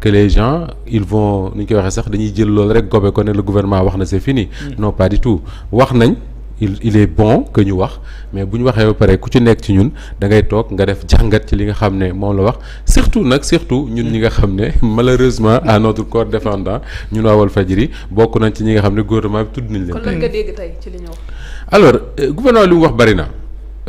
que les gens ils vont nu ñu koy waxee sax dañuy jël lool rek gobe ko ne le gouvernement wax na c'est fini. Mm. non pas du tout wax nañ. il est bon que ñu wax mais bu ñu waxee ba pare ku ci nekk ci ñun da toog nga def jàngat ci li nga xam ne moom la wax surtout nag surtout ñun ñi nga xam ne malheureusement à notre corps défendant ñun waa Walfadjri bokk nañ ci ñi nga xam ne gouvernement bi tudd nañ leen. tey kon lan nga dégg tey ci li ñu wax. alors euh, gouvernement li wax bari na.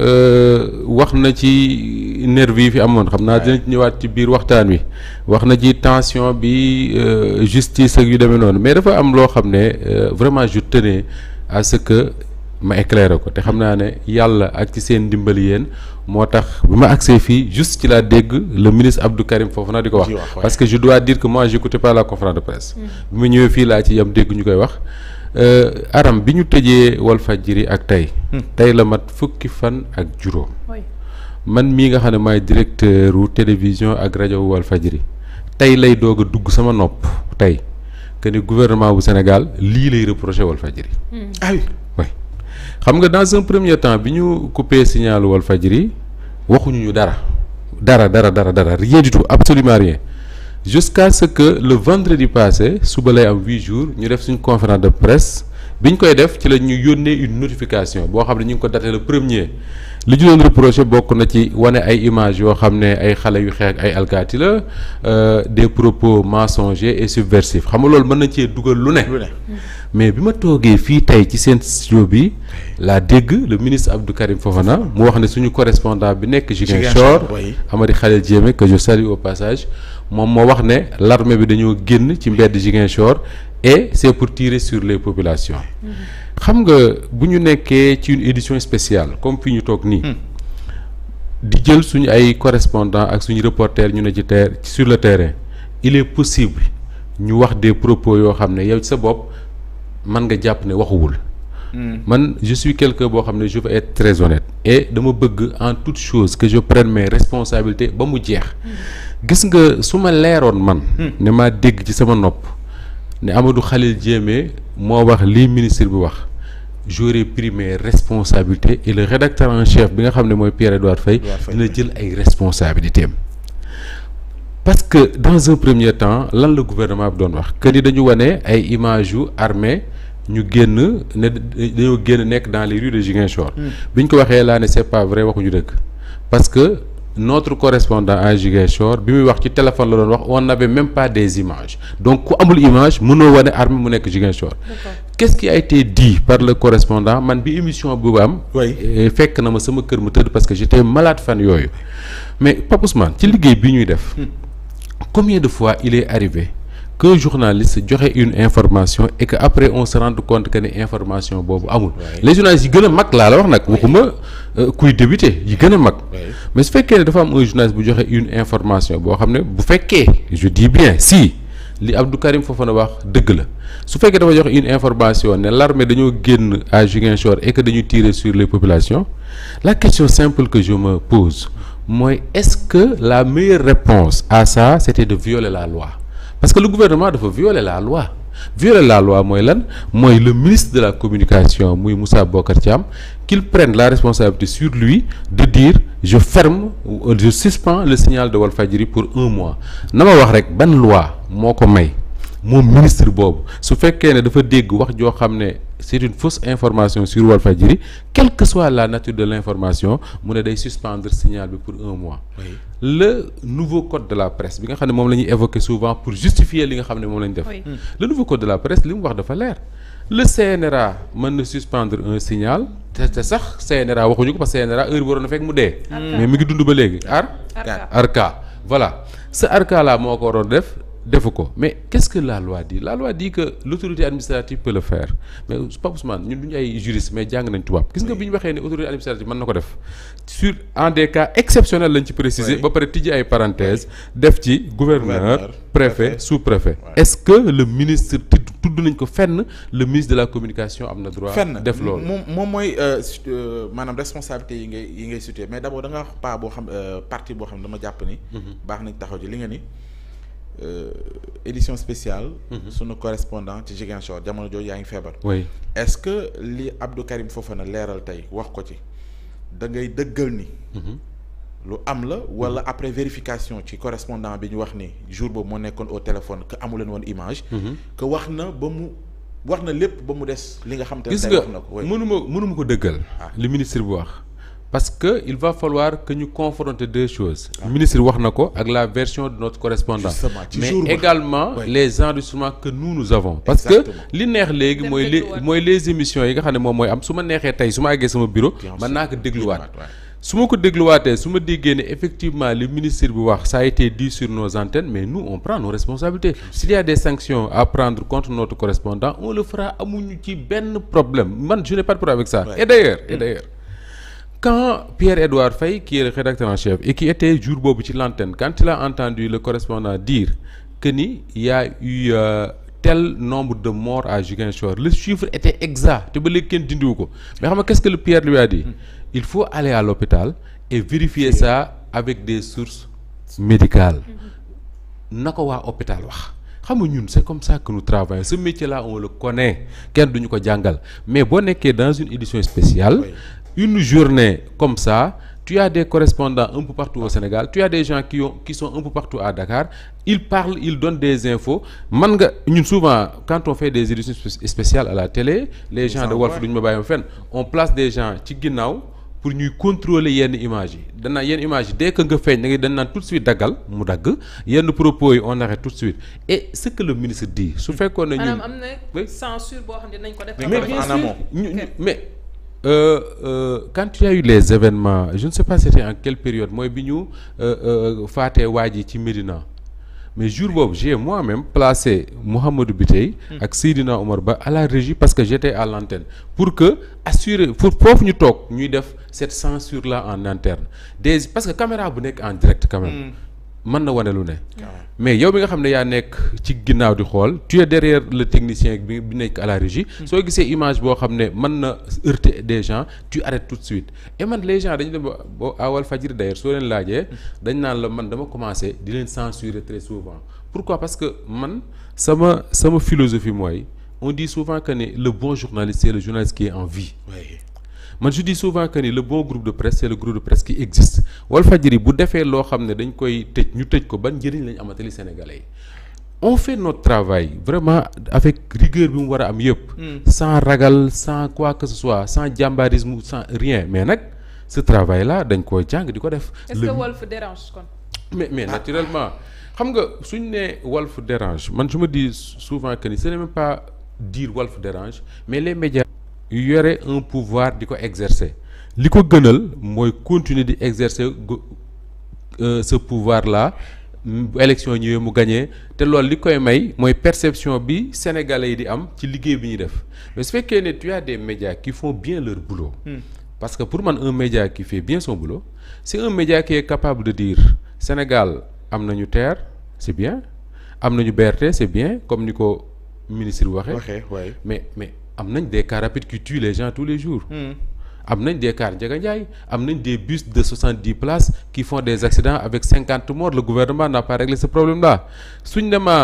Euh, wax na ci nervi yi fi amoon xam naa dina ñëwaat ci biir waxtaan wi wax na ci tension bi euh, justice ak yu demee noonu mais dafa am loo xam ne euh, vraiment je tenais à ce que ma éclairer ko te xam naa ne yàlla ak ci seen ndimbali yéen moo tax bi ma accès fii juste ci laa dégg le ministre Abdou Karim Fofana di ko wax parce que je dois dire que moi j'écoutais la conférence de presse mm. bi ma ñëwee fii laa ci yam dégg ñu koy wax Euh, aram bi ñu tëjee Walfadjri ak tey hmm. tey la mat fukki fan ak juróom man mii nga xam ne maay directeur wu télévision ak rajo Walfadjri tey lay doog a dugg sama nopp tey que ni gouvernement bu Sénégal lii lay reproché Walfadjri hmm. ah xam nga dans un premier temps bi ñu coupé signal Walfadjri waxuñu ñu dara dara dara dara dara rien du tout absolument rien jusqu'à ce que le vendredi passé suba lay am huit jours ñu def suñ conférence de presse bi ñu koy def ci la ñu yónnee une notification boo xam ne ñu ngi ko daté le premier li ñu doon bokk na ci wane ay images yoo xam ne ay xale yu xeex ay alkaati la euh, des propos mensongers et subversifs xam loolu mën na cee dugal lu ne. mais bi ma toogee fii tey ci seen studio bi laa dégg le ministre Abdou Karim Fofana mu wax ne suñu correspondant bi nekk. Ziguinchor Amady Khalil passage. moom moo wax ne l'armée bi dañoo génn ci mbedd Ziguinchor et c'est pour tirer sur les populations xam nga bu ñu nekkee ci une édition spéciale comme fi ñu toog nii di jël suñu ay correspondant ak suñu reporter ñu ne ci terre sur le terrain il est possible ñu wax des propos yoo xam ne yow ci sa bopp man nga jàpp ne waxuwul hmm. man je suis quelqu'un boo xam ne je veux être très et dama bëgg en toute chose que je prenne responsabilité ba mu jeex hmm. gis nga su ma leeroon man. Hmm. ne ma dégg ci sama nopp ne Amadou Khalil jéeme moo wax lii ministre bi wax j'aurais pris responsabilité responsabilités et le rédacteur en chef bi nga xam ne mooy Pierre-Edouard Faye. dina jël ay responsabilités parce que dans premier temps lan la gouvernement bi doon wax que ni dañu wane ay images yu armée ñu génn ne dañoo génn nekk dans les rues de Ziguinchor. Hmm. biñ ko waxee laa ne c'est pas vrai waxuñu dëgg notre correspondant à Ziguinchor bi muy wax ci téléphone la doon wax on n'avait même pas des images donc ku amul image mënoo wane armée mu nekk Ziguinchor. qu'est-ce qui a été dit par le correspondant man bi émission bu am. Euh, fekk na ma sama kër mu tëdd parce que j'étais malade fan yooyu mais Pape ci liggéey bi ñuy def. Hmm. combien de fois il est arrivé. que journaliste joxe une information et que après on se rende compte que ne information boobu amul les journalistes yi gën a mag laa la wax nag waxuma euh, kuy débuté yi gën a mag mais su fekkee ne dafa am un journaliste bu joxe une information boo xam ne bu fekkee je di bien si li Abdou Karim Fofana wax dëgg la su fekkee dafa joxe une information ne l'armée dañoo génn à Ziguinchor et que dañu tirer sur les populations la question simple que je me pose mooy est-ce que la meilleure à ça c'était de violer la loi parce que le gouvernement dafa violer la loi violer la loi mooy lan mooy le ministre de la communication muy Moussa Bocar Thiam qu'il prenne la responsabilité sur lui de dire je ferme euh, je suspends le signal de Walfadjri pour un mois na ma wax rek ban loi moo ko may moom ministre boobu su fekkee ne dafa dégg wax joo xam ne c'est une fausse information sur Walfadjri quelle que soit la nature de l'information mu ne day suspendre signal bi pour un mois oui. le nouveau code de la presse bi nga xam ne moom la ñuy évoquer souvent pour justifier li nga xam ne moom la ñu def hmm. le nouveau code de la presse li mu wax dafa leer le CNRA mën na suspendre un signal te sax CNRA waxuñu ko parce que CNRA heure waroon na fekk mu dee mais mi ngi dund ba léegi ar voilà ce arca moo ko waroon def defu ko mais qu'est-ce que la loi dit la loi dit l'autorité administrative peut le faire mais Pape Ousmane ñun duñu ay juriste mais jàng nañ tubaab gis nga bi ñu waxee ne autorité administrative mën na ko def sur en des cas exceptionnels lañ ci préciser ba pare tijji ay parenthèses def ci gouverneur préfet sous-préfet est-ce que le ministre tudd tudd nañ ko fenn le ministre de la communication am na droit def loolu moom moom mooy euh, euh, maanaam responsabilité yi ngay yi ngay situé mais d'abord da nga wax pas boo euh, parti boo xam ne dama jàpp ni mhm. baax nañ taxaw ci li nga ni Euh, édition spéciale. Mhm. sunu correspondant ci Ziguinchor jamono jooju yaa ngi feebar. oui est-ce que li Abdou Karim na leeral tey wax ko ci da ngay dëggal ni. Mhm. lu am la wala après vérification ci correspondant bi ñu wax ni jour boobu moo nekkoon au téléphone que amu woon image. Mhm. que wax na ba mu wax na lépp ba mu des. li nga xam te ne wax na ko gis mënuma mënuma ko dëggal. Ah. li ministre bi wax. parce que il va falloir que ñu confronter deux choses ministre wax na ko ak la version de notre correspondant mais également les enregistrements que nous nous avons parce que li neex léegi mooy li mooy les émissions yi nga xam ne moom mooy am su ma neexee tey su ma àggee sama bureau man naa ko dégluwaat su ma ko dégluwaatee su ma déggee ne effectivement li ministre bi wax ça a été dit sur nos antennes mais nous on prend nos responsabilités s'il y a des sanctions à prendre contre notre correspondant benn problème man je n'ai pas de problème quand Pierre-Edouard Faye qui est le rédacteur jour boobu ci l'antenne quand la a entendu le correspondant diir que ni y euh, tel nombre de morts à Ziguinchor le chiffre était exact te ba léegi kenn dindiwu ko mais xam nga qu'est-ce que le Pierre lui hmm. il faut aller à l'hôpital et vérifier ça avec des sources médicales hmm. na ko waa hôpital wax xam nga ñun c'est comme ça que nous travaillons ce métier là kenn duñu ko jàngal mais boo nekkee dans une édition spéciale une journée comme ça tu as des correspondants un peu partout au Sénégal tu des gens qui ont qui sont un peu partout à Dakar ils parlent ils donnent des infos man nga ñun souvent quand on des éditions spéciales à la télé les gens de Walf duñu ma bàyyi ma fenn on place des gens ci ginnaaw pour ñuy contrôler yenn image yi danaa yenn image yi dès que nga feeñ da ngay dañ naan tout de suite daggal mu dagg yenn propos yi on arrête tout de suite et ce que su fekkoon ne ñun maanaam am na Euh, euh, quand les événements je ne sais pas c'était en quelle période mooy bi ñu euh, euh, faatee waa ji ci Médina mais jour boobu j'ai moi-même placé Mouhamadou Biteye hmm. ak Seydina Omar Ba à la régie parce que j'étais à l'antenne pour que assurer pour foofu ñu toog ñuy def cette censure là en interne des parce que caméra bu nekk en direct quand même hmm. mën na wane lu ne. Ah. mais yow bi nga xam ne yaa nekk ci ginnaaw di xool tu es derrière le technicien bi nekk à la régie. Hmm. soo gisee image boo xam ne man na heurter des gens tu arrêtes tout de suite et man les gens dañu dem ba awal fajiri d'ailleurs soo leen laajee hmm. dañ naan la man dama commencé di leen censurer très souvent pourquoi parce que man sama sama philosophie mooy on dit souvent que ni le bon journaliste c'est le journaliste qui est en vie. Oui. man je dis souvent que ni le bon groupe de presse c'est le groupe de presse qui existe Walfadjri bu defee loo xam ne dañ koy tëj ñu tëj ko ban njëriñ lañ amatali sénégalais yi on fait notre travail vraiment avec rigueur bi mu war a am yëpp. Hmm. sans ragal sans quoi que ce soit sans jàmbaarisme sans rien mais nag ce travail là dañ koo jàng di ko def. est-ce que Walf mais mais naturellement xam nga suñ nee Walf dérange man je me dis souvent que ni ce n'est même pas dire Walf mais les médias. yore un pouvoir di ko exercer li ko gënal mooy continuer di exercer euh, ce pouvoir là bu élection ñëwee mu gagné te loolu li koy may mooy perception bi sénégalais yi di am ci liggéey bi ñuy def mais su fekkee ne tu as des médias qui font bien leur boulot. Hmm. parce que pour man un média qui fait bien son boulot c'est un média qui est capable de dire Sénégal am na ñu TER c'est bien am na ñu BRT c'est bien comme ni ko ministre bi waxee. mais mais. am nañ des cars rapides qui les gens tous les jours. Hmm. am nañ des cars Ndiaga am nañ des bus de soixante dix places qui font des accidents avec cinquante morts le gouvernement n'a pas ce problème là suñ ne ma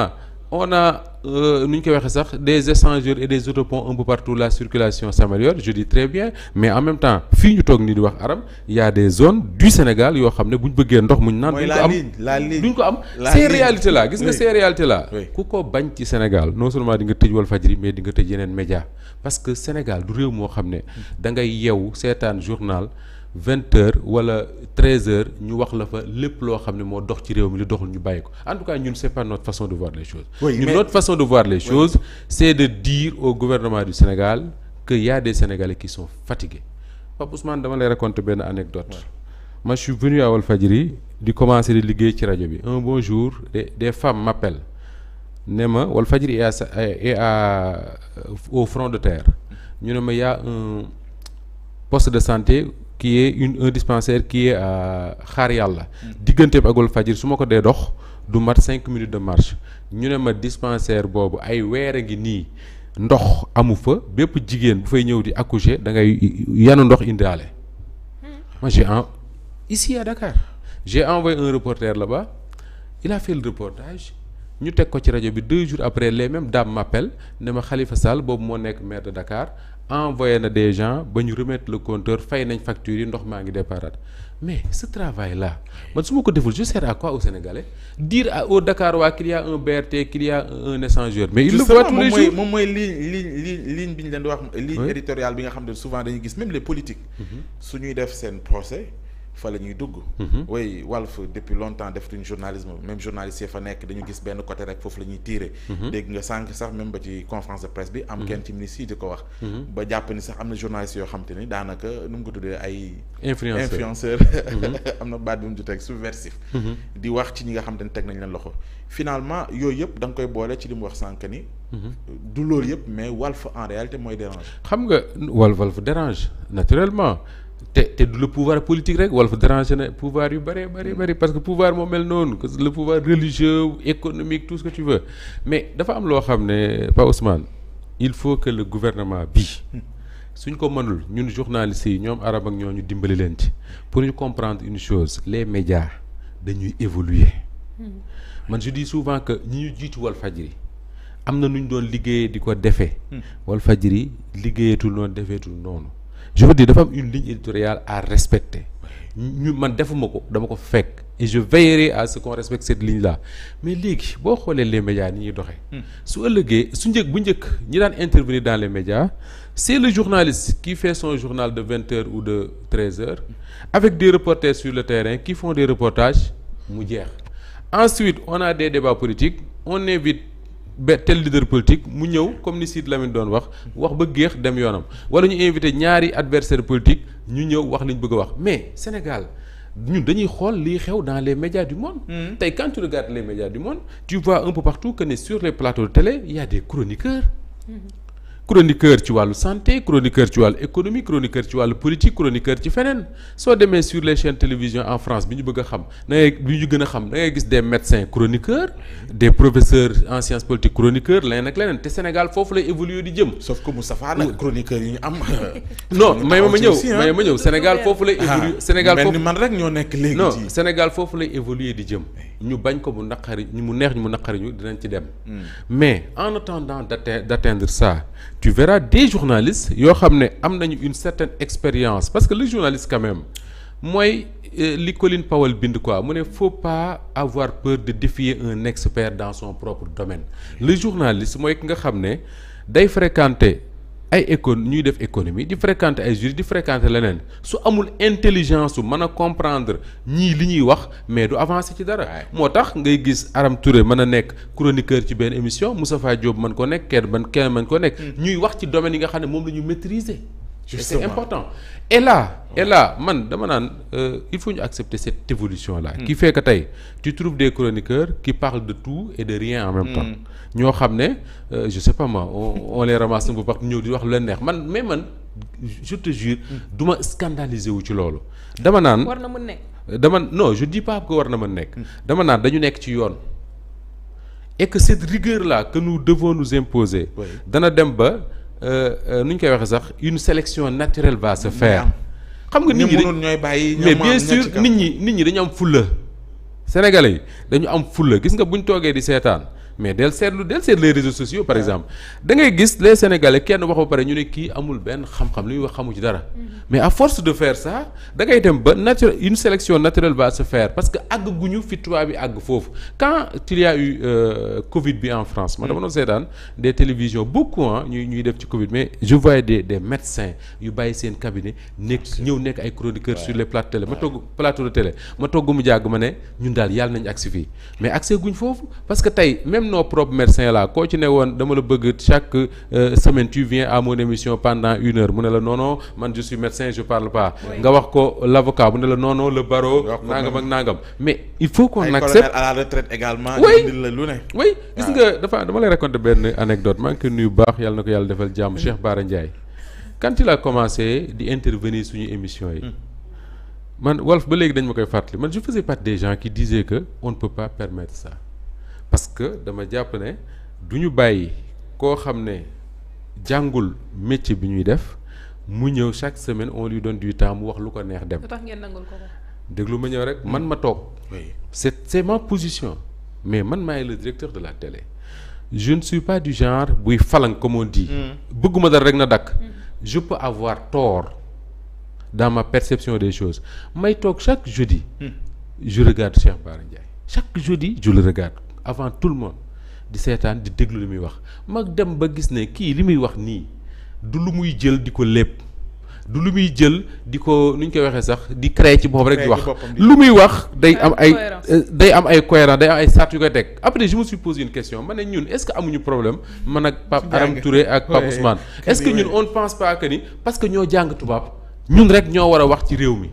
on a euh, nu ñu koy waxee sax des échangeurs et des autoponts un peu partout la circulation s'améliore je dis très bien mais en même temps fii ñu toog nii di wax aram y a des zones du Sénégal yoo xam ne bu bëggee ndox muñ naan duñ ko am duñ ko am ces réalités là gis nga ces réalités là ku ko bañ ci Sénégal non seulement di nga tëj Walfadjri mais di nga tëj yeneen média parce que Sénégal du réew moo xam ne da ngay yeewu seetaan journal vingt heures wala treize heures ñu wax la fa lépp loo xam ne moo dox ci réew mi lu doxul ñu bàyyi ko en tout cas ñun c'est pas notre façon de voir les choses oui, ñun mais... notre façon de voir les choses c'est de dire au gouvernement du Sénégal que y a des qui sont fatigués Pape dama lay raconter benn anecdote ouais. ma je suis venu à Walfadjri di commencer di liggéey ci rajo bi un bon jour des des femmes m'appellent ne ma Walfadjri est à est à au front de terre ñu ne ma y poste de santé qui une un dispensaire qui xaar yàlla. diggante bi fajir su ma ko dee dox du mat cinq minutes de marche ñu ne ma dispensaire boobu ay weer a ngi nii ndox amu fa bépp jigéen bu fay ñëw di accoucher da ngay yanu ndox indaale. moi j'ai en ici à Dakar j'ai envoyé un reporter là-bas il a reportage. ñu teg ko ci rajo bi deux jours après les mêmes dames m'appellent ne ma Khalifa Sall boobu moo nekk maire de Dakar envoyé na des gens ba ñu remettre le compteur fay nañ facture yi ndox maa ngi déparaat mais ce travail là man su ma ko deful je sers à quoi aux Sénégalais dire au Dakar waa qu'il y a un BRT qu'il y mais il le voit tous les moom mooy ligne ligne ligne ligne bi ñu leen di wax ligne éditoriale bi nga xam ne souvent dañu gis même les politiques mhm. su ñuy def seen procès fa la ñuy dugg. way mhm. Walf depuis longtemps defatuñ journalisme même journaliste yi fa nekk dañu gis benn côté rek foofu la ñuy tiire. Mhm. dégg nga sànq sax même ba ci conférence de presse bi. am mhm. kenn ci ministre di ko wax. ba jàpp sax am na journaliste yoo xam ni daanaka nu mu ko tuddee ay. influenceur am na baat bi mu jotee subversif. di wax ci ñi nga xam te teg nañ leen loxo. finalement yooyu yëpp da koy boole ci li wax sànq ni. du loolu te te du le pouvoir politique rek Walf déranger na pouvoir yu bëree bari bari parce que pouvoir moo mel noonu que le pouvoir religieux économique tous ce que tu veux mais dafa am loo xam ne Pa Ousmane il faut que le gouvernement bi suñ ko mënul ñun journalistes yi ñoom arab ak ñoo ñu dimbali leen ci pour ñu comprendre une chose les médias dañuy évoluer hmm. man je souvent que ñi ñu jiitu Walfadjri am na nu ñu doon liggéeyee di ko defee hmm. Walfadjri liggéeyatul noonu defeetul noonu je veux dafa am une ligne éditoriale à respecter ñu man defuma ko dama ko fekk et je veillerai à ce qu'on respecte cette ligne là mais léegi boo xoolee les médias ni ñuy doxee hmm. su ëllëgee su njëkk bu njëkk ñi daan intervenir dans les médias c'est le journaliste qui fait son journal de vingt heures ou de treize heures avec des reporters sur le terrain qui font des reportages mu jeex ensuite on a des débats politiques on invite ba tel leader politique mu ñëw comme ni Sidy Lamine doon wax wax ba géex dem yoonam wala ñu invité ñaari adversaire politique ñu ñëw wax liñ bëgg a wax mais Sénégal ñun dañuy xool liy xew dans les médias du monde. Hmm. tey quand tu regardes les médias du monde tu vois partout que ne sur les plateaux de télé il y chroniqueur ci wàllu santé chroniqueur ci wàllu économie chroniqueur ci wàllu politique chroniqueur ci feneen soo demee sur les chaînes télévision en France bi ñu bëgg a xam da ngay bi ñu gën a xam da ngay gis de médecins chroniqueurs des professeurs en sciences politiques chroniqueurs leneen ak leneen te Sénégal foofu lay évoluer di jëm. soof ko Moustapha nag chroniqueurs yi ñu am. non may ma ma ñëw may ma ñëw Sénégal foofu lay. Ah, évoluer Sénégal foofu man rek ñoo nekk léegi non Sénégal foofu lay évoluer di jëm. ñu bañ ko mu naqari ñu mu neex ñu mu naqari ñu dinañ ci dem. Hmm. mais en attendant d'atte d'atteindre ça tu verras des journalistes yoo xam ne am nañu une certaine expérience parce que le journaliste quand même mooy euh, li Colin Powell bind quoi mu ne faut pas avoir peur de défier un expert dans son propre domaine le journaliste mooy ki nga xam ne day fréquenter. ay écon ñuy def économie di fréquenter ay juristes di fréquenter leneen su amul intelligence su mën a comprendre ñii li ñuy wax mais du avancer ci dara. moo tax ngay gis Aram Touré mën a nekk chroniqueur ci benn émission Moustapha Diop mën ko nekk kenn mën kenn mën ko nekk. Mm. ñuy wax ci domaine yi nga xam ne moom la ñu maîtriser. c'est important et là et là man dama naan euh, il faut ñu accepter cette évolution là. Mm. qui fait que tey tu trouves de chroniqueurs ki parlent de tout et de rien en même mm. ñoo xam ne euh, je sais pas moi on, bu baax ñëw di wax lu neex man mais man je te jure du ma scandaliser wu ci loolu dama naan war na mën nekk dama non je dis pas war na mën nekk mm. dama naan dañu nekk ci yoon et que cette rigueur là que nous devons nous imposer dana dem ba euh, euh, nu ñu koy waxee sax une sélection naturelle va se faire xam nga nit ñi ñooy bàyyi mais nit ñi nit ñi dañu am fulla sénégalais yi dañu am fulla gis nga buñ toogee di seetaan mais del seetlu del seetlu les sociaux par exemple da ngay gis les sénégalais kenn wax ba pare ñu ne kii amul benn xam-xam li muy wax xamu ci dara. Mhm. mais à force de fair ça da ngay dem ba naturel une sélection naturelle va se faire parce que àgg gu ñu fi tubaab bi àgg foofu quand il y a eu euh, Covid bi en France. ma dama doon seetaan des télévisions beaucoup ah ñuy ñuy def ci Covid mais je voyais de des médecins yu bàyyi seen cabinet nekk ñëw nekk ay chroniqueurs sur les plateaux télé ma togg plateau de télé ma togg mu jàgg ma ne ñun daal yàlla nañu agsi même nos propres médecins là koo ci la bëgg chaque euh, semaine tu viens à mon émission pendant ne la non non man je suis médecin je parle pas. nga ne la non le barreau. nangam ak nangam mais il faut qu'on accepte à la retraite la lu ne. oui dama lay raconter benn anecdote maa ngi koy nuyu baax yàlla na ko yàlla defal jàmm Cheikh Bara Ndiaye. quand il a commencé di intervenir suñu émission yi. Hmm. man Walf ba léegi dañ ma koy fàttali man je faisais partie des gens qui disaient que on ne peut pas permettre ça. parce que dama jàpp ne du ñu bàyyi koo xam ne jàngul métier bi ñuy def mu ñëw chaque semaine on li doon du temps mu wax lu ko neex dem. lu tax ngeen nangul ko déglu ma ñëw rek man ma toog. oui c'est c'est position. mais man maay le directeur de la télé. je ne suis pas du genre buy falan comme on mm. bëgguma dara rek na dakk mm. je peux avoir tort dans ma perception des choses may toog chaque jeudi. Mm. je regarde Cheikh Bara Ndiaye chaque jeudi je le avant tout le monde di seetaan di déglu lu muy wax mag dem ba gis ne kii li muy wax nii du lu muy jël di ko lépp du lu muy jël di ko nu ñu koy waxee sax di créer ci boppam rek di wax lu muy wax day am ay euh, day am ay cohérent day am ay sart yu koy teg après je me suis une question ma ne ñun est-ce que amuñu problème man ak Pape Aram Touré ak Pape Ousmane est-ce que ñun on ne pense pas ni parce que ñoo jàng tubaab ñun rek ñoo war a wax ci réew mi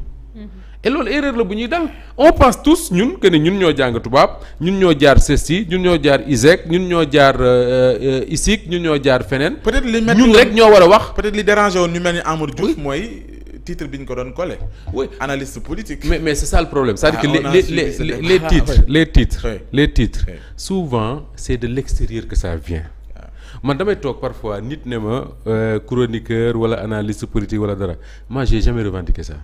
et loolu erreur la bu ñuy dal on pense tous ñun que ne ñun ñoo jàng tubaab ñun ñoo jaar CESTI ñun ñoo jaar ISEC ñun ñoo jaar euh, euh, ISIC ñun ñoo jaar feneen. être li ñun rek ñoo war a wax. peut-être li dérangé woon ñu mel ni Amadou Diouf mooy. titre bi ñu ko doon collé. oui analyste politique. mais mais c'est ça le problème c'est-à-dire que ah, les les ah, les titres les souvent c'est de l'extérieur que ça vient. Ah. man damay toog parfois nit ne ma euh, chroniqueur wala analyste politique wala dara moi j'ai jamais revendiqué ça.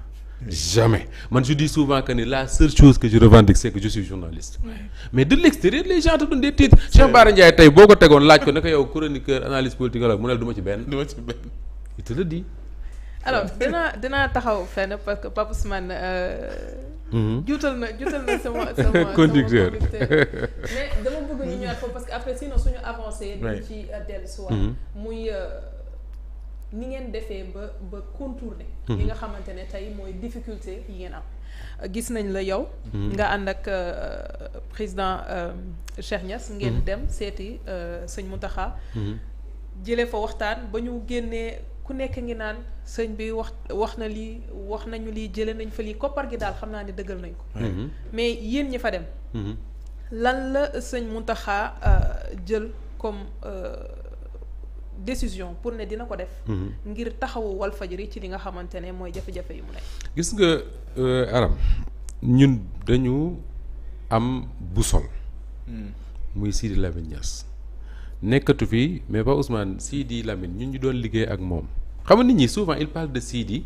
jamais man je dis souvent que ni la seule chose que je revendique c'est je suis journaliste. Ouais. mais de l'extérieur les gens te donnent des titres. c' est Cheikh Bara Ndiaye tey boo ko tegoon laaj ko ne ko yow chroniqueur analyse politique mu ne du ma ci benn. du ci benn il te le di alors dinaa danaa taxaw fenn parce que Pape Ousmane. Euh, mhm. juutal na juutal na sama sama conducteur mais dama bëgg ñu ñëwaat foofu parce que après sinon suñu avancé. du ci euh, dellusiwaat. Mhm. muy. Euh, ni ngeen defee ba ba contourner. Mhm. li nga xamante ne tey mooy difficulté yi ngeen am. gis nañ la yow. Mhm. nga ànd ak euh, président euh, Cheikh mhm. ngeen dem seeti euh, sëñ Mountakha. jëlee fa waxtaan ba ñu génnee ku nekk ngi naan sëñ bi wax wax na lii wax nañu lii jëlee nañ fa lii koppar gi daal xam naa ne dëggal nañ ko. mais yéen ñi fa dem. lan la sëñ taxa jël comme. décision pour ne dina ko def. Mhm. ngir taxawu Walfadjri ci li nga xamante ne mooy jafe-jafe yi mu nekk. gis nga euh, Aram ñun dañu am bu sol hmm. muy Sidi Lamine Niass. nekkatu fii mais ba Ousmane Sidi Lamine ñun ñu doon liggéey ak moom xam nga nit ñi souvent il parle de Sidi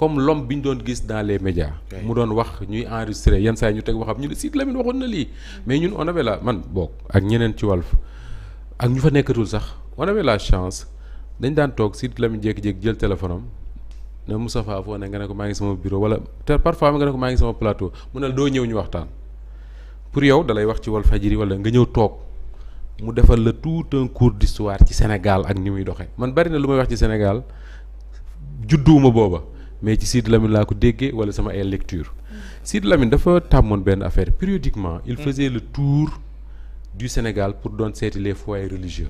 comme l'homme bi ñu doon gis dans les médias. mu doon wax ñuy enregistré yenn saa yi ñu teg waxam ñu ne Sidi Lamine waxoon na lii. Hmm. mais ñun on avait la man bokk ak ñeneen ci Walf ak ñu fa nekkatul sax on avait la chance dañ daan toog si la mu jékki jël téléphone am ne Moustapha foo ne nga ne ko maa ngi sama bureau wala te parfois nga ne ko maa ngi sama plateau mu ne doo ñëw ñu waxtaan pour yow dalay wax ci wal fajiri wala nga ñëw toog mu defal la tout un cours d'histoire ci Sénégal ak ni muy doxee man bari na lu may wax ci senegal judduwuma booba mais ci Sidy Lamine laa ko déggee wala sama ay lecture Sidy Lamine dafa tàmmoon benn affaire périodiquement il mm. faisait le tour du Sénégal pour doon seeti les foyers religieux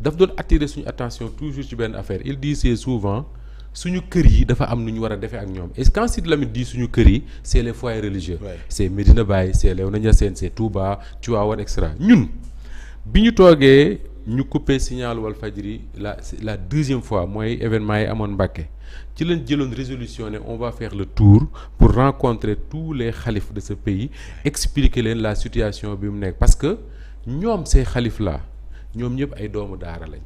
daf doon attirer suñu attention toujours ci benn affaire il disait souvent suñu kër yi dafa am nu ñu war a defee ak ñoom et quand Sidi Lamine suñu kër yi c' est les foyers religieux. Ouais. c' est Medina Baye c' est Léona Niassène c' est Touba Tivaouane ñun bi ñu toogee. ñu coupé signal Walfadjri la la deuxième fois mooy événement yi amoon Mbacké ci lañ jëloon résolution ne on va faire le tour pour rencontrer tous les xalifs de ce pays expliquer leen la situation bi mu nekk parce que ñoom ces xalif la ñoom ñëpp ay doomu daara lañ.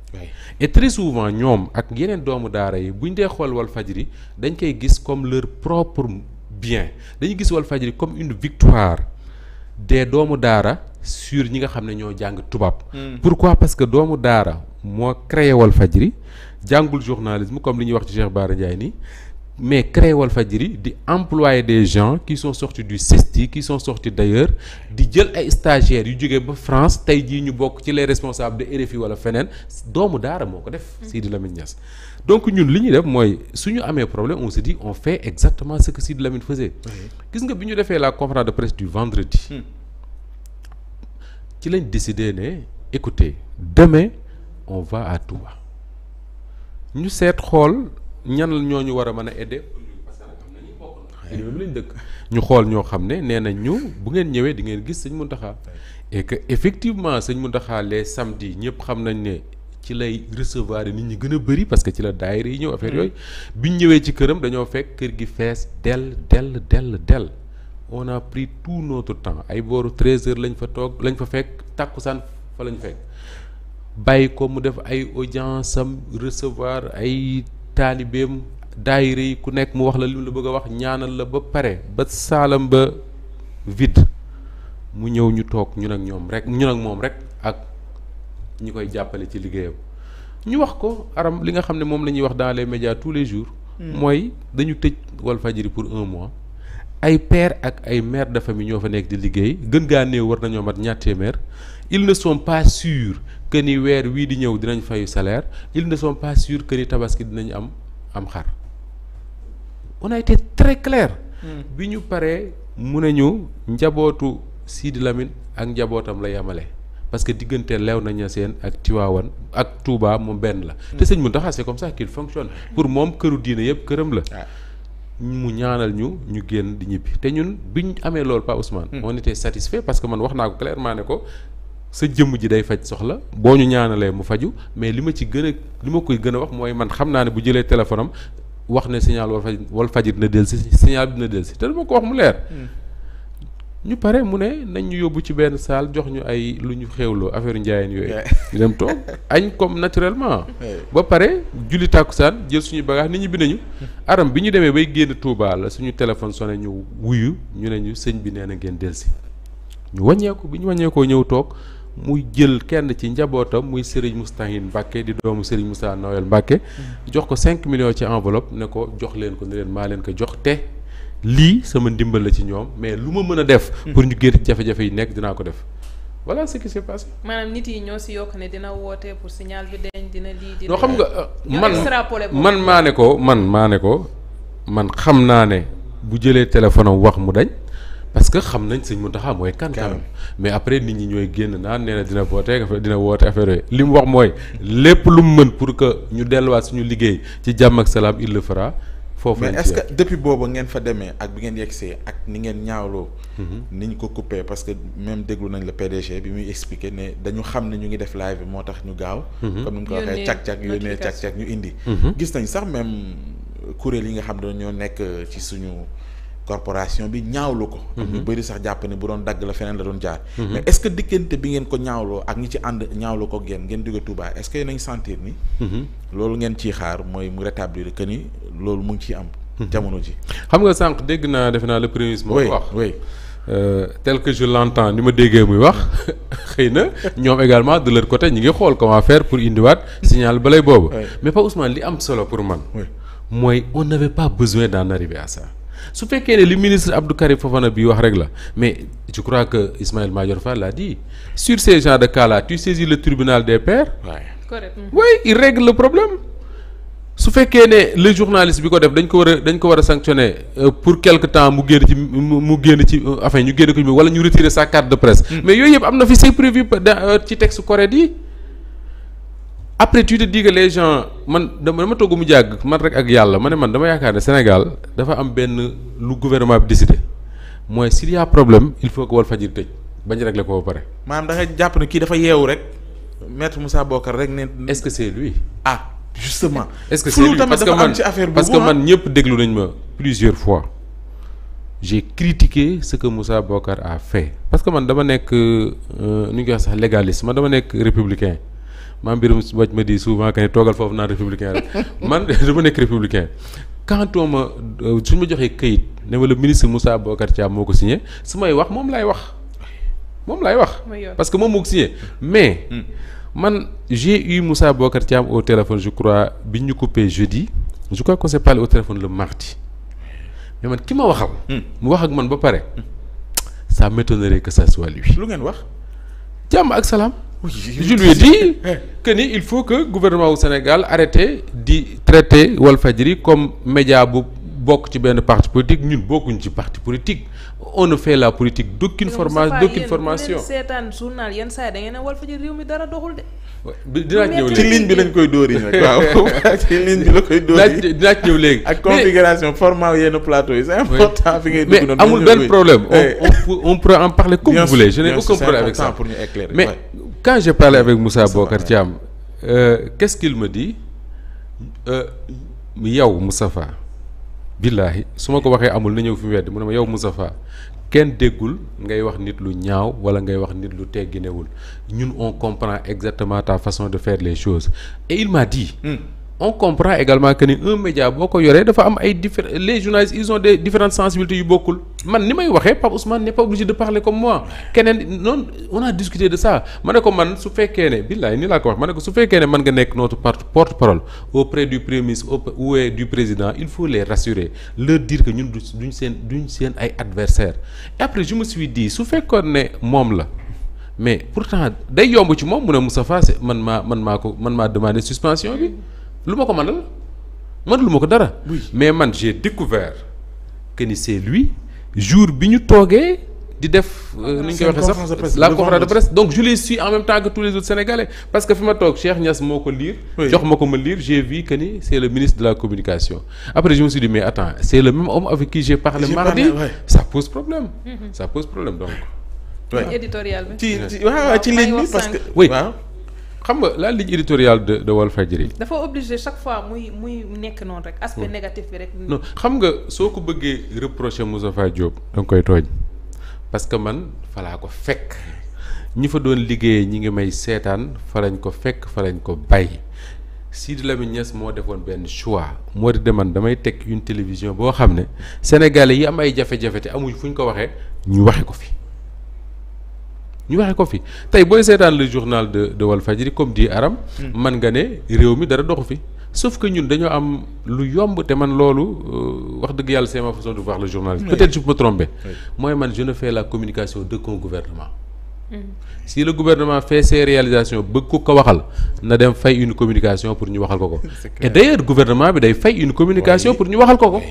et très souvent ñoom ak yeneen doomu daara yi buñ dee xool Walfadjri dañ koy gis comme leur propre bien dañu gis Walfadjri comme une victoire des doomu daara. suir ñi nga xam ne ñoo jàng tubaab. Hmm. pourquoi parce que doomu daara moo créé fajiri jàngul journalisme comme li ñuy wax ci Cheikh Bara ni nii mais créé Walfadjri di employer des gens qui sont sortis du CESTI qui son sortis d'ailleurs di jël ay stagiaires yu jógee ba France tey jii ñu bokk ci les responsables de fi wala feneen doomu daara moo ko def. Hmm. Sidi Lamine Niass donc ñun li ñu def mooy su ñu amee problème on se dit on fait exactement ce que Sidi Lamine nga bi ñu defee la conférence de presse du vendredi. Hmm. ci lañ décidé ne écoutez demain on va à Touba ñu seet xool ñan ñoo ñu war a mën a aider lañ dëkk ñu xool ñoo xam ne nee nañ ñu bu ngeen ñëwee di ngeen gis sëñ Mountakha et que effectivement sëñ Mountakha les samedi ñëpp xam nañ ne ci lay recevoir nit ñi gën a bëri parce que ci la daayira yi ñëw affaire mm. yooyu biñ ñëwee ci këram dañoo fekk kër gi fees dell dell dell dell on a pris tout notre temps ay booru 13 heures lañ fa toog lañ fa fekk tàkkusaan fa lañ fekk bàyyi ko mu def ay audience am recevoir ay taalibeem daayira yi ku nekk mu wax la li mu la bëgg a wax ñaanal la ba pare ba saalam ba vide mu ñëw ñu toog ñun ak ñoom rek ñun ak moom rek ak ñi koy jàppale ci liggéeyam ñu wax ko aram li nga xam ne moom la ñuy wax dans les médias tous les jours. Hmm. mooy dañu tëj Walfadjri pour un mois. ay père ak ay meer de famille ñoo fa nekk di liggéey gën gaa néew war nañoo mat ñaar téeméer il ne sont pas sûrs que ni weer wii di ñëw dinañ fayu salaire ils ne sont pas sûrs que ni tabaski dinañu am am xar on a été hmm. bi ñu paree mu ne ñu njabootu Sidi Lamine ak njabootam la yemale parce que diggante lew nañu seen ak Tiwaawan ak Touba mu benn la. te hmm. sëñ mu c'est comme ça qu'il fonctionne. pour moom këru diine yëpp këram la. Ah. mu ñaanal ñu ñu génn di ñibbi te ñun bi ñu amee loolu Pa Ousmane. Hmm. on était satisfait parce que man wax naa ko clairement ne ko sa jëmm ji day faj soxla boo ñu ñaanalee mu faju mais li ma ci gën li ma koy gën a wax mooy man xam naa ne bu jëlee téléphone am wax ne signal wal faj wal fajir dina dellusi signal bi dina dellusi te dama ko wax mu leer. Hmm. ñu pare mu ne nañ ñu yóbbu ci benn salle jox ñu ay lu ñu xéwloo affaire njaayeen yooyu. ñu dem toog añ comme naturellement. ba pare julli tàkkusaan jël suñu bagage nit ñi bi nañu. aram bi ñu demee bay génn Touba suñu téléphone sone ñu wuyu ñu ne ñu sëñ bi nee na ngeen delsi ñu wàññeeku bi ñu wàññeekoo ñëw toog muy jël kenn ci njabootam muy Serigne Moustahine Mbacke di doomu seriñ Moussa Noël Mbacke. Mm. jox ko 5 millions ci enveloppe ne ko jox leen ko ne leen maa leen ko jox te. lii sama ndimbal la ci ñoom mais lu ma mën a def. Hmm. pour ñu génn jafe-jafe yi nekk dinaa ko def voilà ce qui s'est maanaam nit yi ñoo si yokk ne dina woote pour signal bi deñ dina lii dina. xam nga euh, man man maa ne ko man maa ne ko man xam naa ne bu jëlee téléphone am wax mu dañ. parce que xam nañ sëñ Mountakha mooy kan kanam mais après nit ñi ñooy génn naan nee na dina woote dina woote affaire yooyu li mu wax mooy lépp lu mu mën pour que ñu delluwaat suñu liggéey ci jàmm ak salaam il le fra foofu mais est-ce que depuis boobu ngeen fa demee ak bi ngeen yegsee ak ni ngeen ñaawloo. Mhm. ni ñu ko coupé parce que même déglu nañ la PDG bi muy expliqué ne dañu xam ne ñu ngi def live bi moo tax ñu gaaw. Mhm. comme ni mu ko waxee càq càq yónnee càq càq ñu indi. Mhm. gis nañ sax même kuréel yi nga xam ne ñoo nekk ci suñu. corporation bi ñaawlu ko. Mhm. ñu bëri sax jàpp ne bu doon dagg la feneen la doon jaar. Mhm. mais est-ce que diggante bi ngeen ko ñaawloo ak ñi ci ànd ñaawlu ko ngeen ngeen jóge Touba est-ce nañ sentir ni. Mhm. loolu ngeen ciy xaar mooy mu rétablir que loolu mu ngi ciy am. jamono ji xam nga sànq dégg naa defe naa le premier ministre. moo ko wax oui euh, déggee muy wax xëy na ñoom également de leur côté ñi ngi xool comment faire pour indiwaat signal balay boobu. mais pas Ousmane li am solo pour man. mooy on n'avait pas su fekkee ne li ministre Abdou Karim Fofana bi wax rek la mais je crois que Ismaël Madior Fall l'a dit sur ces genres de cas-là tu le tribunal des pairs. Ouais. correct oui il règle problème. su fekkee ne le journaliste bi ko def dañ ko war a dañ ko war a sanctionner euh, pour quelque temps mu génn ci mu génn ci euh, enfin ñu génn ko wala ñu retirer sa carte de presse. Hmm. mais yooyu yëpp am na fi c'est prévu euh, ci texte CORED yi. après tu te dis que man dama dama togg mu jàgg man rek ak yàlla ma ne man dama yaakaar ne Sénégal dafa am benn lu gouvernement bi décidé mooy s'il y a problème il faut que Walfadjri tëj bañ régler ko ba pare. maanaam da nga jàpp ne kii dafa yeewu rek maître Moussa Bokar rek ne. est-ce lui. ah justement. est-ce que c'est lui parce que man parce ah. que man ñëpp déglu nañ ma plusieurs fois. j'ai critiqué ce que Moussa Bokar a fait parce que man dama nekk euh, nu ñu koy wax sax légaliste man dama nekk républicain. maam Birame Wathie ma di souvent que ne toogal foofu naan républicain rek man dama nekk républicain quand ma euh, suñ ma joxee kayit ne ma le ministre Moussa Bocar Thiam moo ko signé su may wax moom laay wax moom laay wax. parce que moom moo ko mais. Hmm. man j'ai eu Moussa Bocar Thiam au téléphone je crois bi ñu coupé jeudi je crois qu'on s'est parlé au téléphone le mardi mais man ki ma waxal. Hmm. mu wax ak man ba pare. ça m'étonnerait que ça soit lui. lu ngeen wax. jàmm ak salaam. oui je lui ai dit eh. ni il faut que gouvernement wu Sénégal arrêté di traiter Walfadjri comme média bu bokk ci benn parti politique ñun bokkuñ ci parti politique on ne fait la politique d'aucune formation d'aucune formation seetaan journal yenn saa yi da ngeen ne mi dara doxul de dinaa ñëw léegi ci ligne bi lañ koy dóori nag ci ligne bi la koy dóori dinaa ñëw léegi ak configuration format yenn plateau yi c'est important fi ngay dugg noonu mais amul benn problème on on peut en parler comme vous voulez je n'ai aucun problème avec ça pour ñu éclairer mais quand j'ai parlé avec Moussa Bokar Thiam euh, qu'est-ce qu'il me dit euh, yow Moustapha billaahi su ma ko waxee amul na ñëw fi mu wedd mu ne ma yow Moustapha kenn déggul ngay wax nit lu ñaaw wala ngay wax nit lu tegginewul ñun on comprend exactement ta façon de fair les choses et il on comprend également que ni un média boo ko yoree dafa am ay diffé les journalistes ils ont des différentes sensibilités yu bokkul man ni may waxee Pape Ousmane n'est pas obligé de parler comme moi keneen noonu on a discuté de ça ma ne ko man su fekkee ne billaay ni laa ko wax ma ne ko su fekkee ne mën nga nekk notre porte-parole auprès du premier ministre ou du président il faut les rassurer leur diir que ñun duñ seen duñ seen ay adversaires et après je me suis su fekkoon ne moom la mais pourtant day yomb ci moom mu ne Moustapha man maa man maa ko man maa demandé suspension bi lu ma ko mënal man lu ma ko dara. mais man j'ai découvert que c'est lui jour bi ñu toogee di def. Euh, ah, ni ñu koy waxee sax la conférence de presse donc je les suis en même temps que tous les autres sénégalais parce que fi ma toog Cheikh Niass moo ko lire. jox ma ko ma lire j'ai vu que c'est le ministre de la communication après je me suis mais attends c'est le même homme avec qui j'ai parlé mardi ça pose problème. Mm-hmm. ça pose problème donc. ci waaw ci ligne bi parce xam nga la ligne éditoriale de de Walfadjri. dafa obligé chaque fois muy muy nekk noonu rek. aspect négatif bi rek. non xam nga soo ko bëggee reprocher Moustapha Diop. jóob danga koy tooñ parce que man falaa ko fekk ñi fa doon liggéeyee ñi ngi may seetaan fa ko fekk fa lañ ko bàyyi Sidi Lamine Niass moo defoon benn choix moo di deman damay teg une télévision boo xam ne sénégalais yi am ay jafe-jafe te amuñ fu ñu ko waxee ñu waxe ko fi. ñu waxee ko fi tey booy seetaan le journal de de Walfadjri comme dit Aram. Hmm. man nga ne réew mi dara doxu fi. sauf que ñun dañoo am lu yomb te man loolu euh, wax dëgg yàlla c'est ma façon de voir le journalisme hmm. peut-être je peux me mooy man je ne la communication de qu'un guvernement hmm. si le guvernement fait ses réalisations bëgg ko ko waxal na dem fay une communication pour ñu waxal ko ko et d'ailleurs gouvernement bi day fay une communication pour ñu waxal ko ko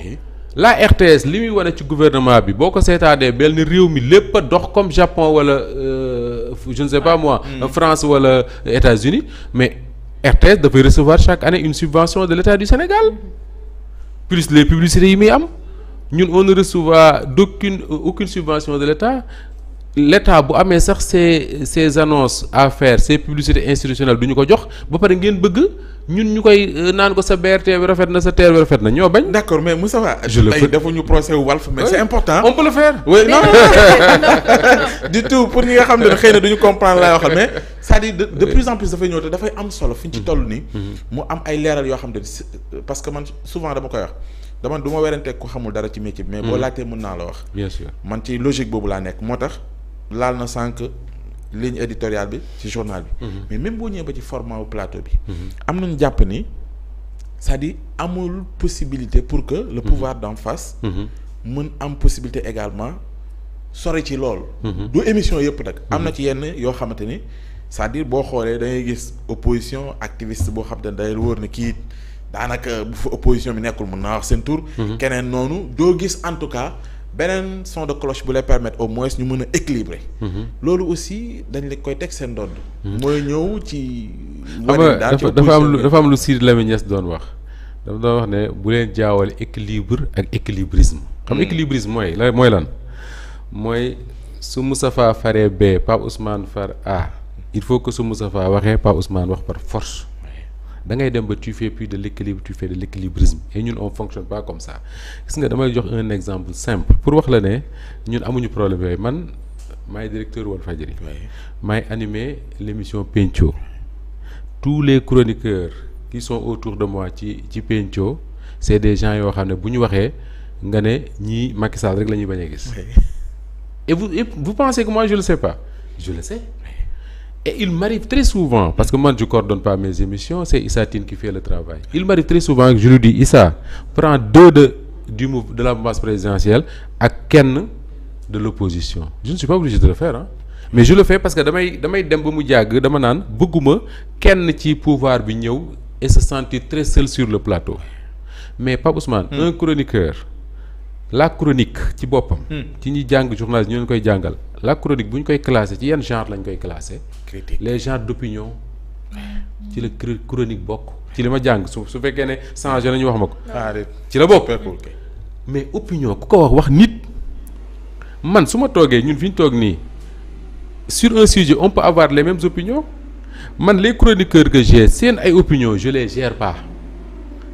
la RTS li muy wane ci gouvernement bi boo ko seetaanee mel ni réew mi lépp a dox comme Japon wala euh, je ne sais pas ah, moi. Hmm. France wala États-Unis mais RTS dafay recevoir chaque année une subvention de l'État du Sénégal plus les publicités yi muy am ñun on ne reçoit d'aucune aucune subvention de l'État l'État bu amee sax ses ses annonces affaire faire ses publicités institutionnelles du ko jox ba pare ngeen bëgg. ñun ñu koy euh, naan ko sa BRT bi rafet na sa TER rafet na ñoo bañ. d'accord mais mu je le fais defuñu procès wu Walf mais c'est important. on peut le faire. oui non du tout pour ñi nga xam ne xëy na duñu comprendre laay waxal mais c'est-à-dire de plus en plus dafay ñëw te dafay am solo fi ñu ci mm-hmm. toll nii. Mm-hmm. mu am ay leeral yoo xam ne euh, parce que man souvent dama koy wax. dama du ma werante ko xamul dara ci métier bi. mais boo mm-hmm. laajtee mën naa la wax. bien sûr man ci logique boobu laa nekk moo tax laal na sànq ligne éditoriale bi ci journal bi. Mhm. mais même boo ñëwee ba ci format plateau bi. Mhm. am nañu jàpp ni cest di amul possibilité pour que le mhm. pouvoir d'en face. mën am possibilité également sore ci loolu. du émission yëpp nag. am na ci yenn yoo xamante ni cest di boo xoolee dangay gis opposition activiste boo xam te ne day wóor na kii daanaka bu fa opposition bi nekkul mën naa wax seen tour keneen noonu doo gis en tout cas. beneen son de cloche bu lay permettre au moins ñu mën a équilibrer. Mhm. loolu aussi dañ la koy teg seen dodd mhm. mooy ñëw ci. wàllu daal dafa am lu dafa am lu Sidy Lamine Niass doon wax. dafa doon wax ne bu leen jaawale équilibre ak équilibrisme. xam mhm. équilibrisme mooy la mooy lan mooy su faa faree B Pape Ousmane far A il faut que su faa waxee Pape Ousmane wax par force. dangay dem ba tu fais de l'équilibre tu fais de l'équilibrisme et ñun on fonctionne pas comme ça gis nga damay jox un exemple simple pour wax la ne ñun amuñu problème yooyu man maay directeur Walfadjri maay animer l'émission Pencco tous les chroniqueurs qui sont autour de moi ci ci Pencco c'est des gens yoo xam ne bu ñu waxee nga ne ñiy Macky Sall rek la ñuy bañ a gis et vous et vous pensez que moi je le sais pas je le Et il m'arrive très souvent, parce que man je ne coordonne pas mes émissions, c'est Issa Tine qui fait le travail. Il m'arrive très souvent que je lui dis Issa, prends deux de, du, de la mouvance présidentielle ak kenn de l'opposition. Je ne suis pas obligé de le faire. Hein. Mais je le fais parce que damay damay dem ba mu jàgg dama naan bëgguma kenn ci pouvoir bi ñëw et se sentir très seul sur le plateau. Mais Pape Ousmane, hmm. un chroniqueur, la chronique ci boppam. Hmm. ci ñi jàng journaliste ñu koy jàngal. La chronique bu ñu koy ci yan genre lañ koy classé. critique les gens d'opinion ci la cronique bokk ci li ma jàng su su fekkee ne changé nañu wax ma ko ci la bokk mais opinion ku ko wax wax nit man su ma toogee ñun fi ñu toog nii sur un sujet on peut avoir les mêmes opinions man les chroniqueurs que j'ai seen ay opinions je les gère pas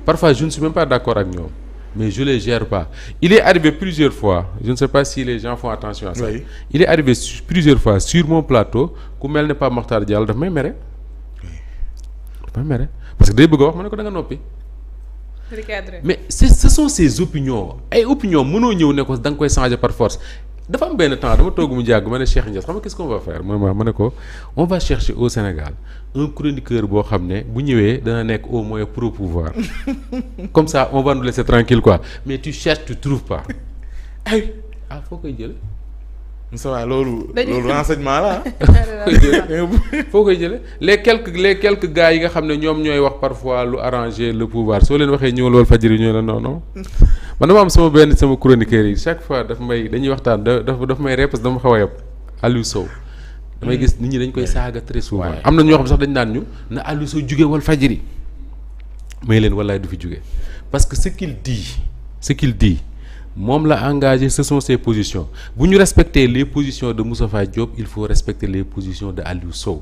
parfois je ne suis même pas d'accord ak ñoom mais je les gère pas il est arrivé plusieurs fois je ne sais pas si les gens font attention à ça oui. il est arrivé plusieurs fois sur mon plateau ku mel ni Pape Makhtar Diallo daf may mere daf may mere parce que day bëgg a wax ma ne ko da nga noppi mais ce sont ses opinions ay opinions mënoo ñëw ne ko da nga koy changer par force dafa am benn temps dama toog mu jàgg ma ne Cheikh Ndiass xam nga qu'est-ce va faire man ma ma ne ko on va chercher au Sénégal un chroniqueur boo xam ne bu ñëwee dana nekk au moins pro pouvoir comme ça on va nous laisser tranquille quoi mais tu cherches tu trouves pas ah foo koy jël Moussa loolu. loolu renseignement la foo koy jëlee les quelques les quelques gars yi nga xam ne ñoom ñooy wax parfois lu arranger le pouvoir soo leen waxee ñëwal wal fajiri ñëw la non man dama am sama benn sama chroniqueur yi chaque fois daf may dañuy waxtaan da daf may ree parce que dama xaw a yab Aliou Sow. damay gis nit ñi dañ koy hmm. saaga très souvent. am na ñoo xam sax dañ naan ñu ne Aliou Sow jugee wal fajiri may leen wallaay du fi juge parce que ce qu'il dit ce moom la engagé ce sont ses positions bu ñu respecter les positions de Moustapha Diop il faut respecter les positions de Aliou Sow